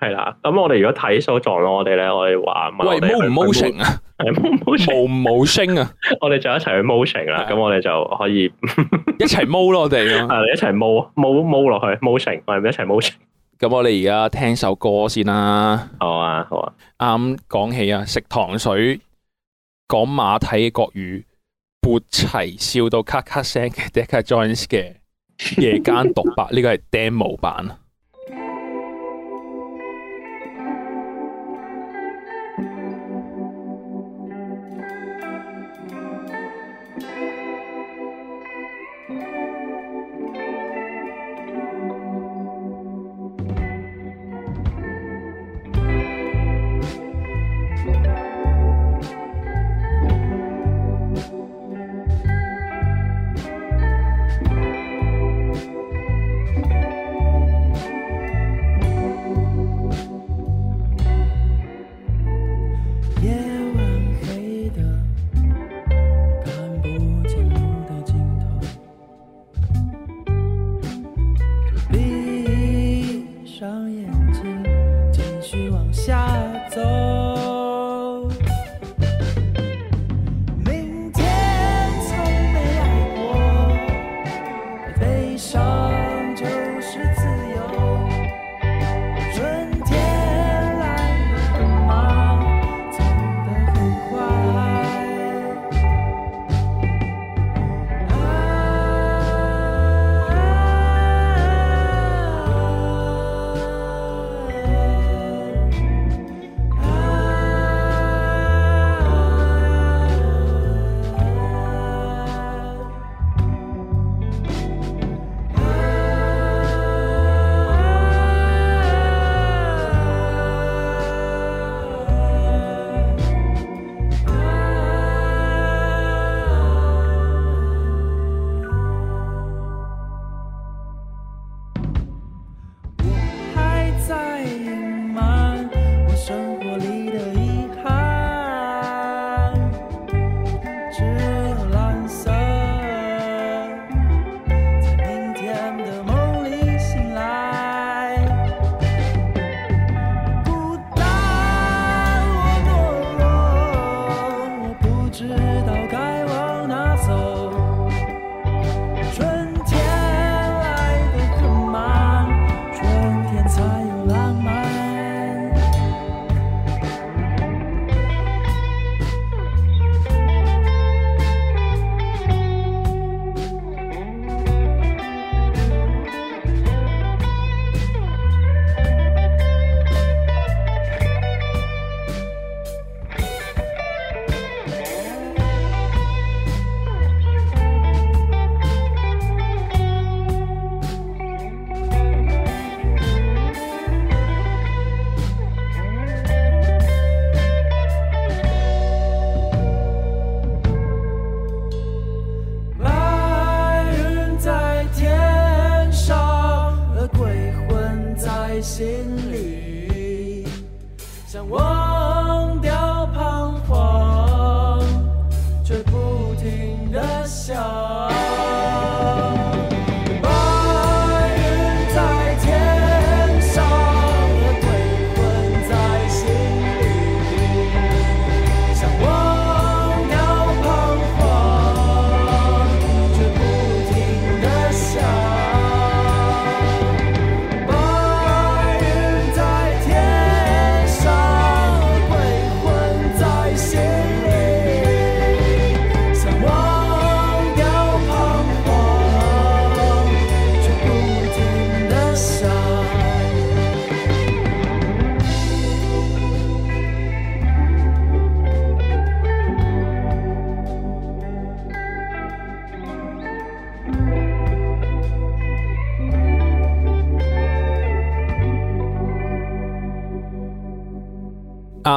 係啦。咁我哋如果睇數撞咯，我哋咧，我哋話喂，motion 啊，係 motion，冇冇聲啊！我哋就一齊去 motion 啦。咁我哋就可以一齊踎咯，我哋啊，一齊踎，踎踎落去，motion，我哋一齊 motion。咁我哋而家聽首歌先啦。啊，好啊，好啊。啱講起啊，食糖水，講馬體嘅國語。活齊笑到咔咔聲嘅 deca joins 嘅夜間獨白，呢個係 Demo 版。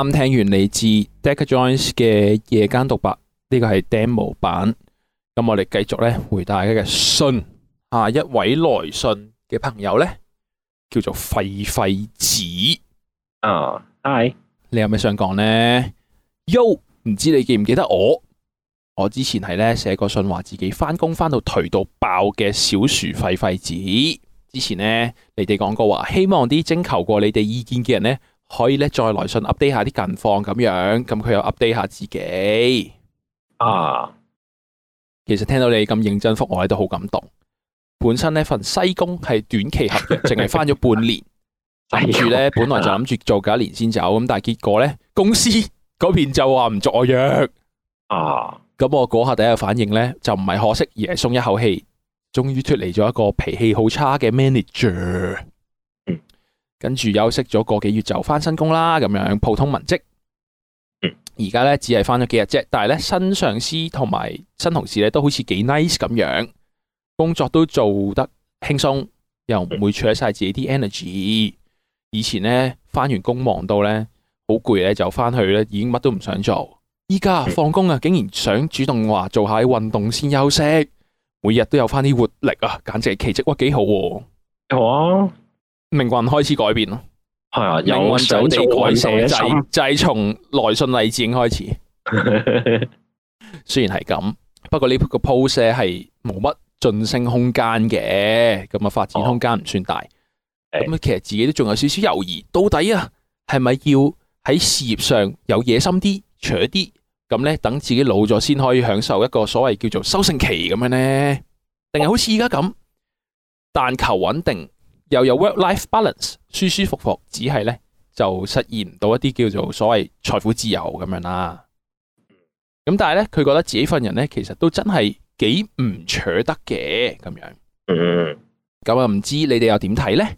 啱聽完嚟自 deca joins 嘅夜間獨白，呢、呢個係 Demo 版。咁我哋繼續咧回大家嘅信，下一位來信嘅朋友咧叫做廢廢子。啊、uh，Hi！你有咩想講咧？Yo！唔知你記唔記得我？我之前係咧寫過信，話自己翻工翻到頹到爆嘅小薯廢廢子。之前咧，你哋講過話，希望啲徵求過你哋意見嘅人咧。可以咧再來信 update 下啲近況咁樣，咁佢又 update 下自己啊。Uh, 其實聽到你咁認真覆，覆我喺度好感動。本身呢份西工係短期合約，淨係翻咗半年，諗住咧本來就諗住做夠一年先走，咁但係結果咧公司嗰邊就話唔續約啊。咁、uh, 我嗰下第一個反應咧就唔係可惜，而係鬆一口氣，終於脫離咗一個脾氣好差嘅 manager。跟住休息咗個幾月就返新工啦，咁樣普通文職。呢而家咧只係返咗幾日啫，但係咧新上司同埋新同事咧都好似幾 nice 咁樣，工作都做得輕鬆，又唔會處理晒自己啲 energy。以前咧返完工忙到咧好攰咧，就返去咧已經乜都唔想做。依家放工啊，竟然想主動話做下啲運動先休息，每日都有返啲活力啊，簡直係奇蹟哇！幾好，好啊。好啊。命運開始改變咯，係啊，有命運改寫、嗯，就係，就就係從來信勵志開始。 [laughs] 雖然係咁，不過呢個 post 係冇乜晉升空間嘅，咁啊發展空間唔算大。咁，哦、其實自己都仲有少少猶豫。到底啊係咪要喺事業上有野心啲，除長啲，咁呢？等自己老咗先可以享受一個所謂叫做收成期咁樣呢？定係好似而家咁，但求穩定。又有 work-life balance，舒舒服服，只係咧就實現唔到一啲叫做所謂財富自由咁樣啦。咁但係咧，佢覺得自己份人咧，其實都真係幾唔捨得嘅咁樣。嗯，咁啊，唔知你哋又點睇咧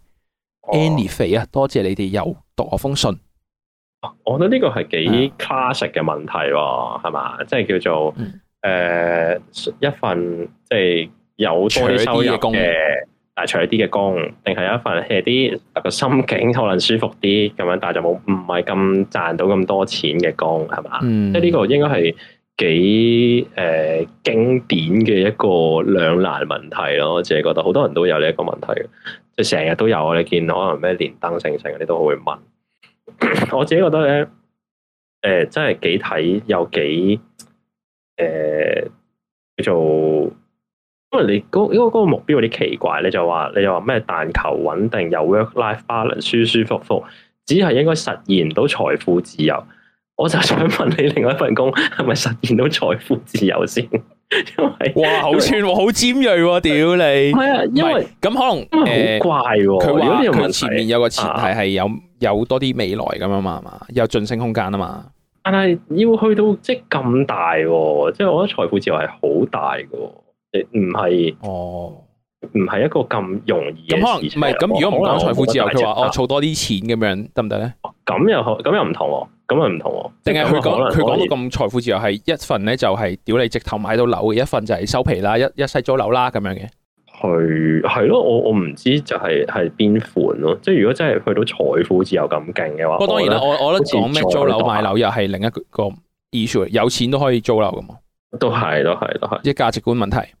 ？Annie 肥啊，anyway, 多謝你哋又讀我封信。我覺得呢個係幾 classic 嘅問題，係嘛、嗯？即係、就是、叫做誒、呃、一份即係、就是、有趣啲嘅工嘅。大除一啲嘅工，定係一份係啲個心境可能舒服啲咁樣，但係就冇唔係咁賺到咁多錢嘅工，係嘛？即係呢個應該係幾誒經典嘅一個兩難問題咯。我自己覺得好多人都有呢一個問題，即係成日都有我哋見到，可能咩連登星星，你都會問。 [laughs] 我自己覺得咧，誒、呃、真係幾睇有幾誒、呃、叫做。因為你嗰，個目標有啲奇怪，你就話，你就話咩？但求穩定，有 work-life balance，舒舒服服，只係應該實現到財富自由。我就想問你，另外一份工係咪實現到財富自由先？因為哇，好串，好喎，哦，好尖銳啊，屌你！係啊，因為咁可能好怪佢話佢前面有個前提係有有多啲未來咁啊嘛，嘛有晉升空間啊嘛，啊但係要去到即係咁大，即係我覺得財富自由係好大個。唔係哦，唔係一個咁容易嘅事情。唔係咁，如果唔講財富自由，佢話哦，儲多啲錢咁樣得唔得咧？咁又,又,又可,可，咁又唔同喎，咁係唔同喎，定係佢講佢講到咁財富自由係一份咧，就係屌你直頭買到樓，一份就係收皮啦，一一世租樓啦咁樣嘅。係係咯，我我唔知就係係邊款咯。即係如果真係去到財富自由咁勁嘅話，不過當然啦，我我覺得講咩租樓買樓又係另一個 issue，有錢都可以租樓噶嘛。都係咯，係咯，係即係價值觀問題。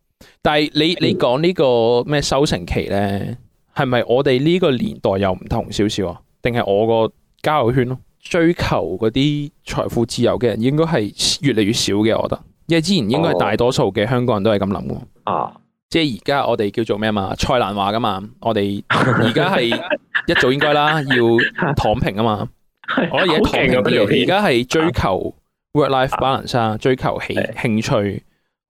但係你你講呢個咩收成期咧，係咪我哋呢個年代又唔同少少啊？定係我個交友圈？咯追求嗰啲財富自由嘅人，應該係越嚟越少嘅，我覺得。因為之前應該係大多數嘅香港人都係咁諗嘅。啊，oh. ah. 即係而家我哋叫做咩啊嘛？蔡瀾話噶嘛？我哋而家係一早應該啦，要躺平啊嘛。 [laughs] [laughs] 我而家躺咗啲，而家係追求 work-life balance，ah. Ah. 追求興興趣。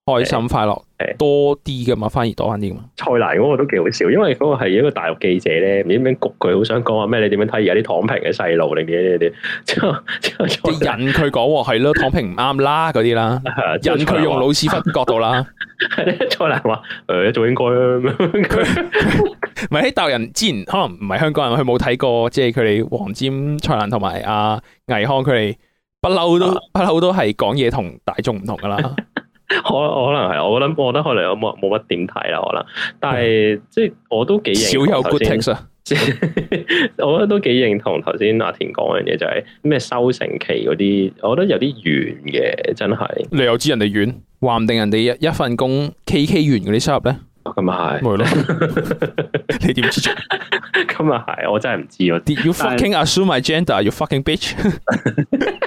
開心快樂，誒多啲噶嘛，反而多翻啲嘛。蔡瀾嗰個都幾好笑，因為嗰個係一個大陸記者咧，唔知點樣焗佢，好想講話咩？ [laughs] 蘭你點樣睇而家啲躺平嘅細路？零點零點，就就引佢講，係咯，躺平唔啱啦，嗰啲啦，引佢用老屎忽角度啦。蔡瀾話誒，做、 [laughs] [laughs] 呃、應該咁樣。唔係喺大陸人之前可能唔係香港人，佢冇睇過，即係佢哋黃霑、蔡瀾同埋阿倪匡，佢哋不嬲都不嬲都係講嘢同大眾唔同噶啦。 [laughs] 可可能係，我覺得，我覺得可能我冇冇乜點睇啦，可能。但係、嗯、即係我都幾認同少有 good things 才啊！ [laughs] 我覺得都幾認同頭先阿田講嘅嘢，就係、是、咩收成期嗰啲，我覺得有啲遠嘅，真係。你又知人哋遠？話唔定人哋一一份工 K K 完嗰啲收入咧，咁啊係，咪、嗯、咯？嗯、 [laughs] [laughs] 你點知？咁啊係，我真係唔知。你 you fucking 是 assume my gender you fucking bitch？ [laughs]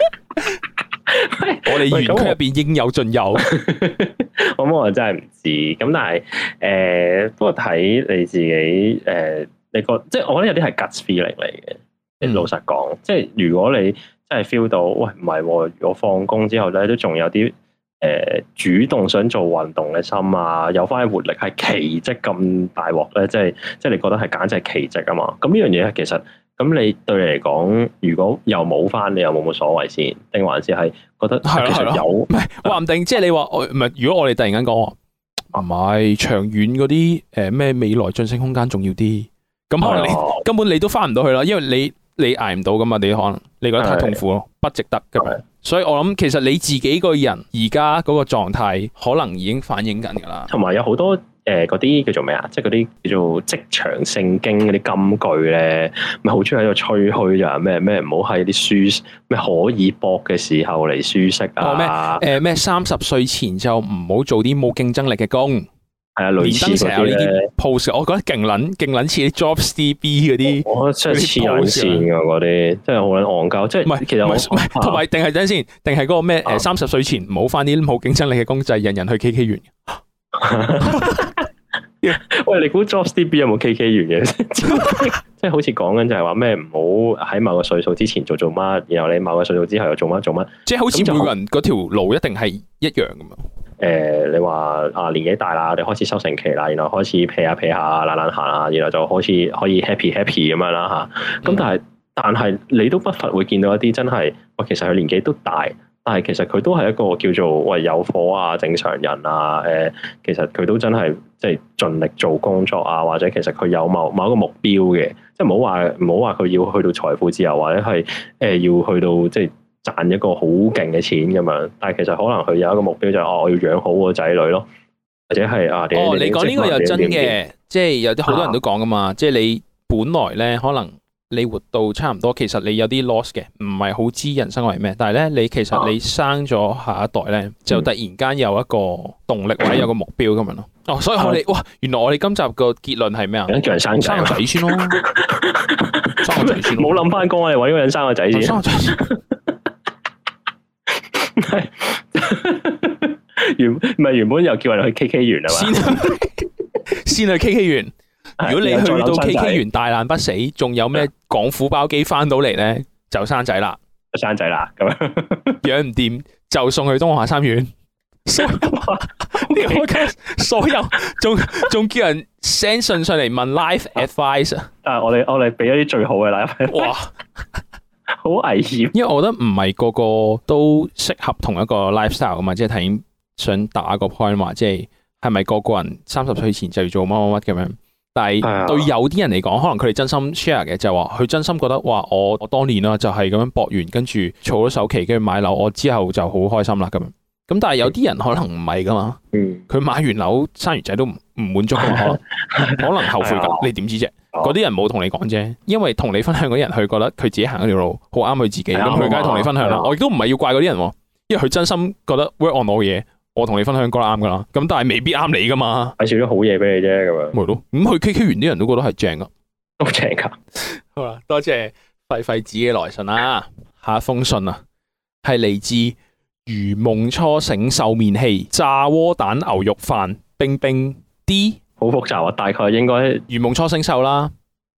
[laughs] 我哋園區入邊應有盡有 [laughs] 我，我冇話真係唔知。咁但係誒，不過睇你自己誒、呃，你覺得即係我覺得有啲係 gut feel 嚟嘅。你老實講，嗯、即係如果你真係 feel 到，喂唔係、啊、如果放工之後咧，都仲有啲誒、呃、主動想做運動嘅心啊，有翻啲活力係奇蹟咁大鑊咧，即係即係你覺得係簡直係奇蹟啊嘛。咁呢樣嘢係其實。咁你對你嚟講，如果又冇翻，你又冇乜所謂先？定還是係覺得係有唔係話唔定，即係你話我唔係。如果我哋突然間講唔係長遠嗰啲誒咩未來晉升空間重要啲，咁可能你根本你都翻唔到去啦，因為你你捱唔到噶嘛。你可能你覺得太痛苦咯，的不值得咁。的所以我諗，其實你自己人個人而家嗰個狀態可能已經反映緊噶啦，同埋有好多。誒，嗰啲，呃，叫做咩啊？即係嗰啲叫做職場聖經嗰啲金句咧，咪好中意喺度吹噓就咩咩唔好喺啲舒咩可以搏嘅時候嚟舒適啊？誒，呃，咩？三十歲前就唔好做啲冇競爭力嘅工，係啊，類似嗰啲 pose，我覺得勁撚勁撚似啲 JobsDB 嗰啲，我覺得真係黐撚線噶嗰啲，即係好撚戇鳩。即係唔係，其實唔係，同埋定係點先？定係嗰個咩？誒，三十歲前唔好翻啲冇競爭力嘅工，就係、是、人、人人去 K K 園。喂， [laughs] [laughs] 你估 Joystick B 有冇 K K 完嘅？即係好似講緊就係話咩唔好喺某個歲數之前做做乜，然後你某個歲數之後又做乜做乜？即係好似每個人嗰條路一定係一樣噶嘛？誒、嗯，你話啊年紀大啦，你開始收成期啦，然後開始皮下皮下懶懶下啦，然後就開始可以 happy happy 咁樣啦吓。咁、啊嗯、但係但係你都不乏會見到一啲真係，我其實佢年紀都大。但係其實佢都係一個叫做喂，有火啊，正常人啊，誒、呃，其實佢都真係即係盡力做工作啊，或者其實佢有某某一個目標嘅，即係唔好話唔好話佢要去到財富自由，或者係誒、呃、要去到即係賺一個好勁嘅錢咁樣。但係其實可能佢有一個目標就係、是哦、我要養好個仔女咯，或者係啊。哦，你講呢個又真嘅，即係有啲好多人都講噶嘛，啊、即係你本來咧可能。你活到差唔多，其實你有啲 loss 嘅，唔係好知人生為咩。但係咧，你其實你生咗下一代咧，啊、就突然間有一個動力、嗯、或者有個目標咁樣咯。哦，所以我哋、啊、哇，原來我哋今集個結論係咩啊？叫人生仔，生個仔先咯， [laughs] 生個仔先, [laughs] 先。冇諗翻工，我哋搵個人生個仔先。生係，原唔係原本又叫人去 K K 園啦嘛？ [laughs] 先去 K K 園。如果你去到 K K 完大難不死，仲有咩港府包機翻到嚟咧，就生仔啦，生仔啦咁樣，養唔掂就送去東華三院。 [laughs] 所有，所有，仲仲叫人 send 信上嚟問 life advice。但係我哋我哋俾一啲最好嘅 life。哇，好危險。因為我覺得唔係個個都適合同一個 lifestyle 噶嘛，即係睇想打個 point 話，即係係咪個個人三十歲前就要做乜乜乜咁樣？但係對有啲人嚟講，可能佢哋真心 share 嘅就係話，佢真心覺得，哇，我我當年啦就係咁樣博完，跟住儲咗首期，跟住買樓，我之後就好開心啦咁。咁但係有啲人可能唔係噶嘛，佢、嗯、買完樓生完仔都唔滿足，可能， [laughs] 可能後悔過， [laughs] 你點知啫？嗰啲 [laughs] 人冇同你講啫，因為同你分享嗰啲人，佢覺得佢自己行嗰條路好啱佢自己，咁佢梗係同你分享啦。 [laughs] 我亦都唔係要怪嗰啲人，因為佢真心覺得 work on 我嘅嘢。我同你分享嗰啱噶啦，咁但係未必啱你噶嘛，介紹咗好嘢俾你啫咁樣。係咯，咁 [music] [music] 去 K K 完啲人都覺得係正噶，都正噶。好啦，多謝廢廢子嘅來信啦，下一封信啊，係嚟自如夢初醒壽麵氣炸鍋蛋牛肉飯冰冰 D，好複雜啊，大概應該如夢初醒壽啦，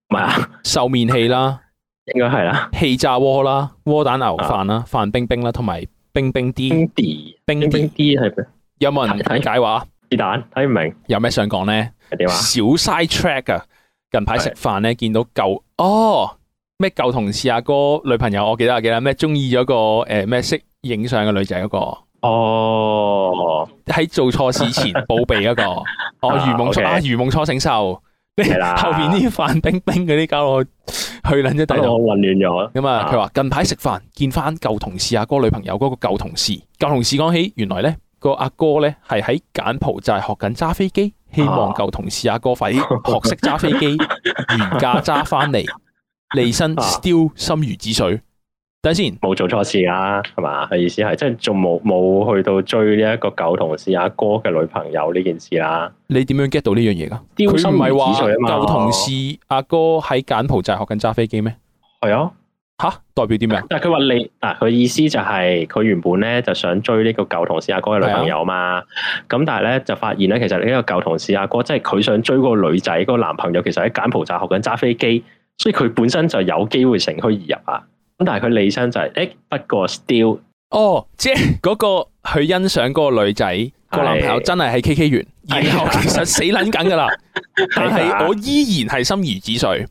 唔係啊，壽麵氣啦， [laughs] 應該係啦，氣炸鍋啦，窩蛋牛肉飯啦，范冰冰啦，同埋。冰冰啲，冰冰啲係咩？有冇人睇解話？是但睇唔明，有咩想講咧？小 side track 啊！近排食飯咧，見到舊的哦，咩舊同事阿哥，哥女朋友，我記得啊，記得咩中意咗個誒咩識影相嘅女仔嗰個哦，喺做錯事前報備嗰個哦，如夢初啊，如夢初醒秀，係啦， [laughs] 後邊啲范冰冰嗰啲搞我。去捻咗第二度混亂咗。咁啊，佢話近排食飯見翻舊同事阿哥女朋友嗰個舊同事，舊同事講起原來咧個阿哥咧係喺柬埔寨學緊揸飛機，希望舊同事阿哥快啲學識揸飛機，原價揸翻嚟，利身 still 心如止水。睇先，冇做錯事啦，係嘛？嘅意思係，即係仲冇冇去到追呢一個舊同事阿哥嘅女朋友呢件事啦。你點樣 get 到呢樣嘢噶？佢唔係話舊同事阿哥喺柬，柬埔寨學緊揸飛機咩？係 [laughs] 啊，吓？代表啲咩？但係佢話你啊，佢意思就係佢原本咧就想追呢個舊同事阿哥嘅女朋友嘛。咁 [laughs] 但係咧就發現咧，其實呢個舊同事阿哥即係佢想追個女仔，個男朋友其實喺柬埔寨學緊揸飛機，所以佢本身就有機會乘虛而入啊。咁但係佢內心就係，誒，不過 still，哦，即係嗰個去欣賞嗰個女仔個男朋友真係喺 K K 園，然後其實死撚緊噶啦，但係我依然係心如止水，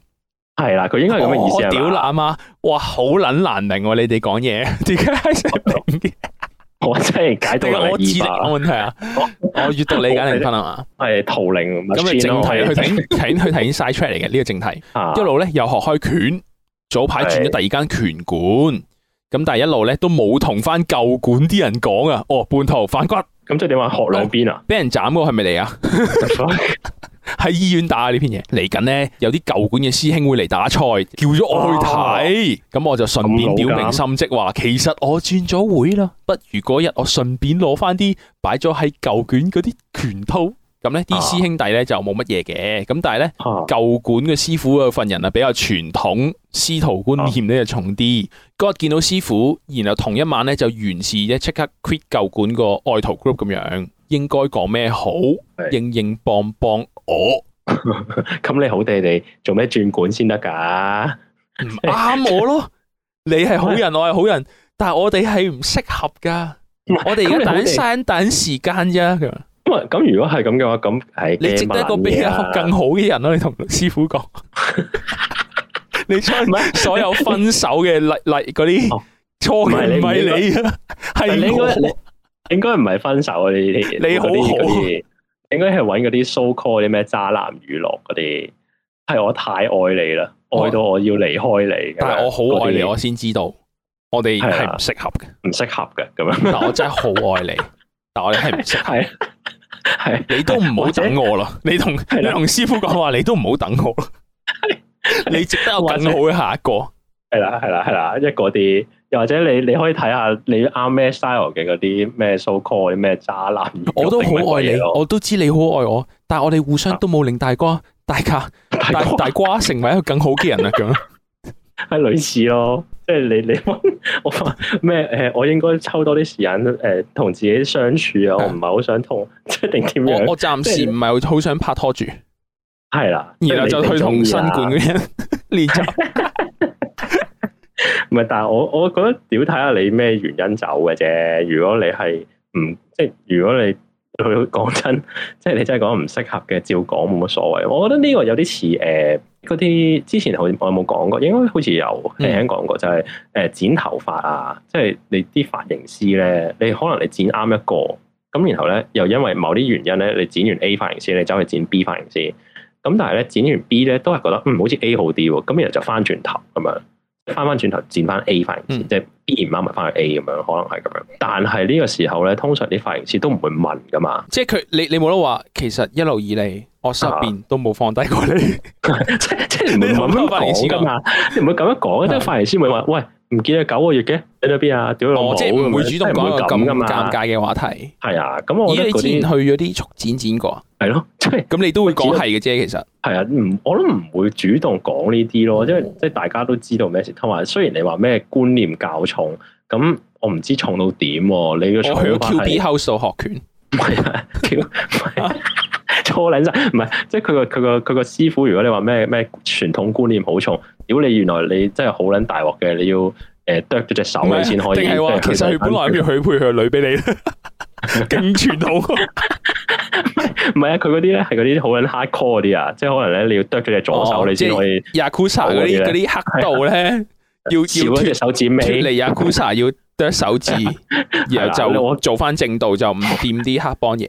係啦，佢應該係咁嘅意思屌啦，阿嘛，哇，好撚難明，你哋講嘢，點解？我真係解讀係字力有問題啊！我閱讀理解零分係嘛？係圖靈咁啊，正題佢睇睇去晒出嚟嘅呢個正題，一路咧又學開拳。早排轉咗第二間拳館，咁是但係一路咧都冇同翻舊館啲人講啊。哦，半途反骨，咁即係點啊？學兩邊啊？俾人斬個係咪嚟啊？喺 [laughs] 醫院打呢篇嘢，嚟緊咧有啲舊館嘅師兄會嚟打賽，叫咗我去睇，咁、哦、我就順便表明心迹話，其實我轉咗會啦，不如嗰日我順便攞翻啲擺咗喺舊館嗰啲拳套。咁咧啲師兄弟咧就冇乜嘢嘅，咁但係咧舊館嘅師傅嘅份人啊比較傳統，師徒觀念咧就重啲。嗰、啊、日見到師傅，然後同一晚咧就完事，即刻 quit 舊館個外徒 group 咁樣，應該講咩好？應應棒棒，棒我，咁 [laughs] [laughs] 你好地地做咩轉館先得噶？唔啱我咯，你係 [laughs] 好人， [laughs] 我係好人，但係我哋係唔適合噶， [laughs] [noise] 我哋要等山等時間啫。咁如果係咁嘅話，咁係你值得一個比較更好嘅人咯。你同師傅講，你出所有分手嘅例例嗰啲，錯唔係你啊，係應應該唔係分手啊。啲你好好，應該係揾嗰啲 so call 啲咩渣男娛樂嗰啲，係我太愛你啦，愛到我要離開你。但係我好愛你，我先知道我哋係唔適合嘅，唔適合嘅咁樣。但我真係好愛你，但我哋係唔適係。係你都唔好等我咯，你同你同師傅講話，你都唔好等我咯。的 [laughs] 你值得有更好嘅下一個。係啦係啦係啦，一個啲又或者你你可以睇下你啱咩 style 嘅嗰啲咩 so call 咩渣男。我都好愛你，啊、我都知你好愛我，但係我哋互相都冇令大哥、 [laughs] 大家、大大瓜成為一個更好嘅人啊咁。係 [laughs] 類似咯。即係你你我話咩誒？我應該抽多啲時間誒，同、呃、自己相處啊、嗯！我唔係好想同，即係定點樣？我暫時唔係好想拍拖住。係啦，然後就去同新冠嘅人練習。唔係，但係我我覺得屌。睇下你咩原因走嘅啫。如果你係唔即係，如果你佢講真，即係你真係講唔適合嘅，照講冇乜所謂。我覺得呢個有啲似誒。呃嗰啲之前好似我有冇講過？應該好似有聽講、嗯、過，就係、是、誒剪頭髮啊，即係你啲髮型師咧，你可能你剪啱一個，咁然後咧又因為某啲原因咧，你剪完 A 髮型師，你走去剪 B 髮型師，咁但係咧剪完 B 咧都係覺得唔、嗯、好似 A 好啲喎，咁然後就翻轉頭咁樣，翻翻轉頭剪翻 A 髮型師，即係、嗯。必然啱埋翻去 A 咁樣，可能係咁樣。但係呢個時候咧，通常啲髮型師都唔會問噶嘛。即係佢，你你冇得話，其實一路以嚟我心入面都冇放低過你。即即唔會咁樣講啊！ [laughs] 你唔會咁樣講，因為髮型師會話喂。唔見啊，九個月嘅，喺度邊啊？哦，即係唔會主動講個咁尷尬嘅話題。係啊，咁我而家係去咗啲速剪剪過。係咯，即係咁你都會講係嘅啫。其實係啊，唔我都唔會主動講呢啲咯，即係即係大家都知道咩事。同埋雖然你話咩觀念較重，咁我唔知重到點。你嘅重法 Q B 后數學權唔係啊，錯兩晒，唔係即係佢個佢個佢個師傅。如果你話咩咩傳統觀念好重。如果你原來你真係好撚大鑊嘅，你要誒剁咗隻手你先可以。定係話，其實佢本來唔 [laughs] 更全好笑 [laughs] 要許配佢女俾你，勁傳統。唔係啊，佢嗰啲咧係嗰啲好撚 hardcore 嗰啲啊，即係可能咧你要剁咗隻左手，你先可以。Yakuza 嘅嗰啲嗰啲黑道咧，要 za，要脫隻手指尾嚟 Yakuza，要剁手指， [laughs] 然後就做翻正道，就唔掂啲黑幫嘢。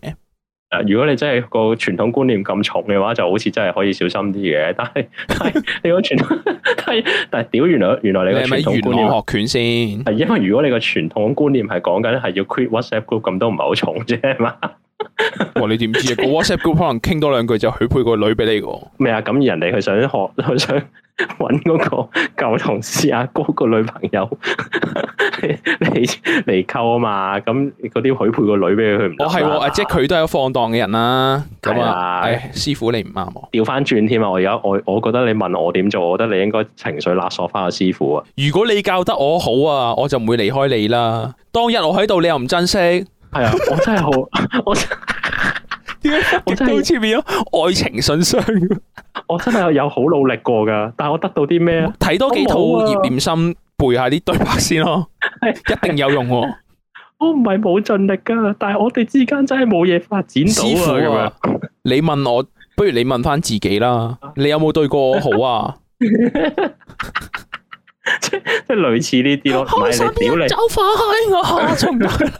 如果你真係個傳統觀念咁重嘅話，就好似真係可以小心啲嘅。但係 [laughs] 但係你個傳，但係但係屌，原來原來你個傳統觀念係咪學拳先？係因為如果你個傳統觀念係講緊係要 quit WhatsApp group 咁都唔係好重啫，係嘛？ [laughs] 哇！你點知啊？ [laughs] 個 WhatsApp group 可能傾多兩句就許配個女俾你個？咩啊？咁人哋佢想學，佢想搵嗰個舊同事阿哥個女朋友嚟嚟溝啊嘛？咁嗰啲許配個女俾佢唔？哦，係、啊，啊、即係佢都係個放蕩嘅人啦、啊。係啊、哎，師傅你唔啱喎。調翻轉添啊！我而家我我覺得你問我點做，我覺得你應該情緒勒索翻個師傅啊。如果你教得我好啊，我就唔會離開你啦。嗯、當日我喺度，你又唔珍惜。係啊，我真係好，我真係， [laughs] 麼我真係好似變咗愛情信箱。 [laughs] 我真係有好努力過噶，但係我得到啲咩 [laughs] 啊？睇多幾套《葉念琛》，背下啲對白先咯，一定有用。 [laughs] [laughs] 我唔係冇盡力噶，但係我哋之間真係冇嘢發展到、啊、 [laughs] 你問我，不如你問翻自己啦。你有冇對過我好啊？即係即係類似呢啲咯，屌你走開我，從。 [laughs] [laughs]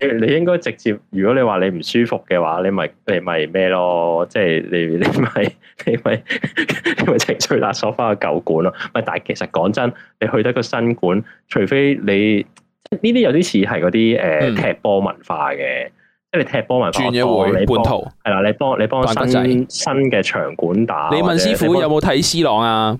你你應該直接，如果你話你唔舒服嘅話，你咪你咪咩咯？即係你你咪你咪你咪情緒勒索翻去舊館咯。咪但係其實講真，你去得個新館，除非你呢啲有啲似係嗰啲誒踢波文化嘅，即係踢波文化轉一回半途係啦。你幫你幫新新嘅場館打。你問師傅有冇睇 C 朗啊？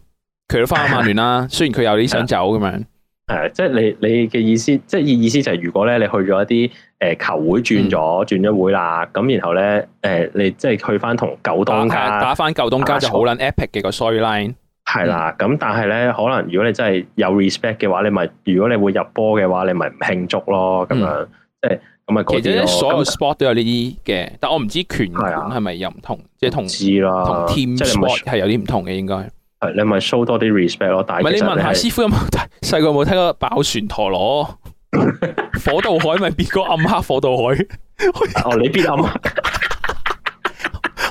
佢都翻曼聯啦。雖然佢有啲想走咁樣。係，即係你你嘅意思，即係意意思就係如果咧，你去咗一啲誒、呃、球會轉咗轉咗會啦，咁然後咧誒、呃，你即係去翻同舊東家打翻舊東家就好捻 epic 嘅個 sour line，係啦，咁、嗯、但係咧可能如果你真係有 respect 嘅話，你咪、就是、如果你會入波嘅話，你咪唔慶祝咯，咁樣、嗯、即係咁啊嗰啲所有 spot r 都有呢啲嘅，嗯、但我唔知權咁係咪又唔同，即係的同事知同 t e a m 即 p 係有啲唔同嘅應該。你咪 show 多啲 respect 咯，大佬，係唔係你問下師傅 [laughs] 有冇問題？細個有冇聽過爆旋陀螺？ [laughs] 火道海咪變個暗黑火道海？哦，你變暗黑？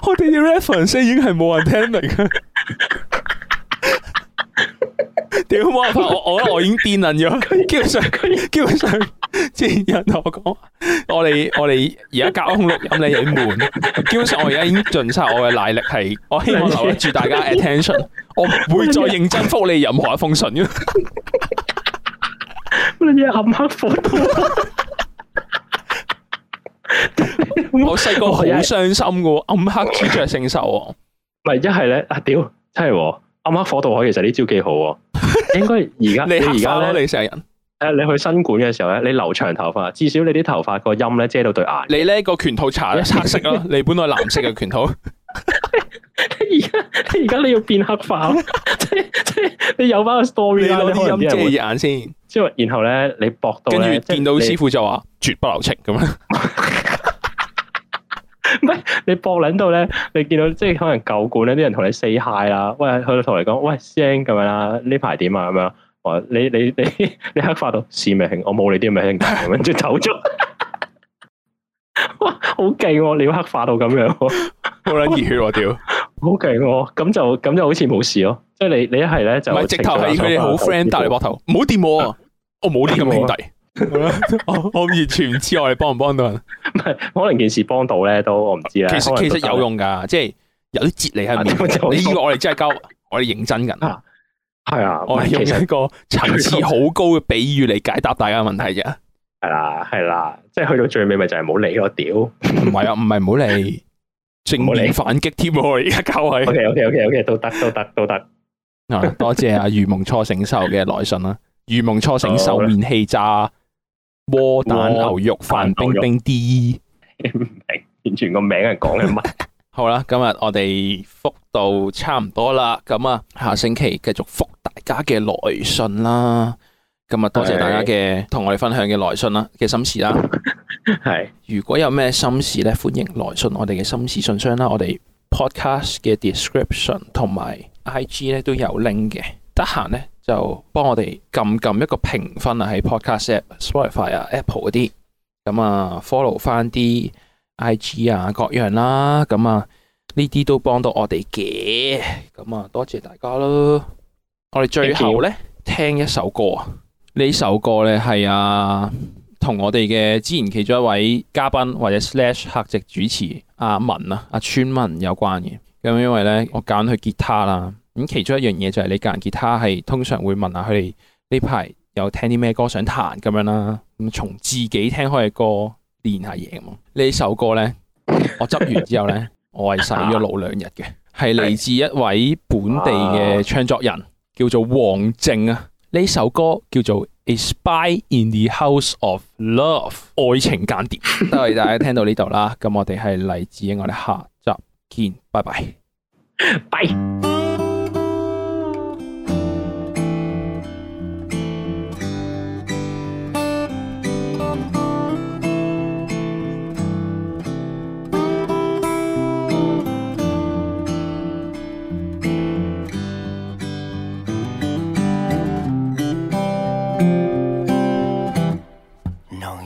我哋啲 reference 已經係冇人聽明屌 [laughs] [laughs] [laughs] 我我我我已經變癲咗，基本上基本上即有人同我講，我哋我哋而家隔空錄音，你有點悶。基本上 [laughs] 和 [laughs] 我而家已經盡晒 [laughs] [laughs] 我嘅奶力，係我希望留得住大家 attention。 [laughs] 我唔會再認真覆你任何一封信嘅。乜嘢是暗黑火度？我細個好傷心嘅，暗黑主角承受。唔係一係咧阿屌，真係！暗黑火度海其實呢招幾好啊。 [laughs] 應該而家你而家咧，你成人誒，你去新館嘅時候咧，你留長頭髮，至少你啲頭髮個音咧遮到對眼。你咧個拳套搽黑色啊？ [laughs] 你本來藍色嘅拳套。而家，而家 [laughs] 你要變黑化咯！ [laughs] [laughs] 你有翻個 story 啦，你開遮眼先，即係 [laughs] 然後咧，你搏到跟住見到師傅就話絕不留情咁樣。 [laughs] [laughs] 唔係你搏捻到咧，你見到即係可能舊館咧啲人同你 say hi 啦，喂，去到同你講，喂，師兄，咁樣啦，呢排點啊咁樣，我、啊、你你你你，你黑化到是未興？我冇你啲咁興嘅，我唔知做唔做。哇，好勁！你要黑化到咁樣，好撚熱血！我屌，好勁！咁就咁就好似冇事咯。即係你你一係咧就唔係直頭係佢哋好 friend 搭你膊頭，唔好掂我，我冇呢咁兄弟。我完全唔知我哋幫唔幫到人，唔係可能件事幫到咧，都我唔知啦。其實其實有用噶，即係有啲哲理係。你以為我哋真係交，我哋認真噶？係啊，我係用一個層次好高嘅比喻嚟解答大家嘅問題啫。係啦，係啦，即係去到最尾咪就係冇理個屌！唔係啊，唔係冇理，理 [laughs] 正面反擊添、啊，而家搞佢，O K，O K，O K，O K，都得，都得，都得。 [laughs] 啊，多謝阿如夢初醒秀嘅來信啦，如夢初醒秀面氣炸，窩蛋 [laughs] 牛肉，飯冰冰啲，完 [laughs] 全個名係講緊乜？ [laughs] [laughs] 好啦，今日我哋覆到差唔多啦，咁啊，下星期繼續覆大家嘅來信啦。今日多謝大家嘅同我哋分享嘅來信啦、啊，嘅心事啦、啊。係 [laughs] 是如果有咩心事咧，歡迎來信我哋嘅心事信箱啦。我哋 podcast 嘅 description 同埋 IG 咧都有 link 嘅。得閒咧就幫我哋撳撳一個評分啊，喺 podcast app、Spotify 啊、Apple 嗰啲。咁、嗯、啊，follow 翻啲 IG 啊各樣啦。咁、嗯、啊，呢啲都幫到我哋嘅。咁、嗯、啊，多謝大家咯。我哋最後咧聽一首歌。呢首歌呢，係阿同我哋嘅之前其中一位嘉賓或者 Slash 客席主持阿、啊、文啊阿、啊、村文有關嘅，咁、嗯、因為呢，我教佢吉他啦，咁其中一樣嘢就係你教吉他係通常會問下佢哋呢排有聽啲咩歌想彈咁樣啦，咁、嗯、從自己聽開嘅歌練下嘢。咁呢首歌呢，我執完之後呢， [laughs] 我係洗咗腦兩日嘅，係嚟自一位本地嘅唱作人叫做黃靖啊。呢首歌叫做《A Spy in the House of Love》愛情間諜，多謝 [laughs] 大家聽到呢度啦，咁 [laughs] 我哋係嚟自我哋下集見，拜拜，拜。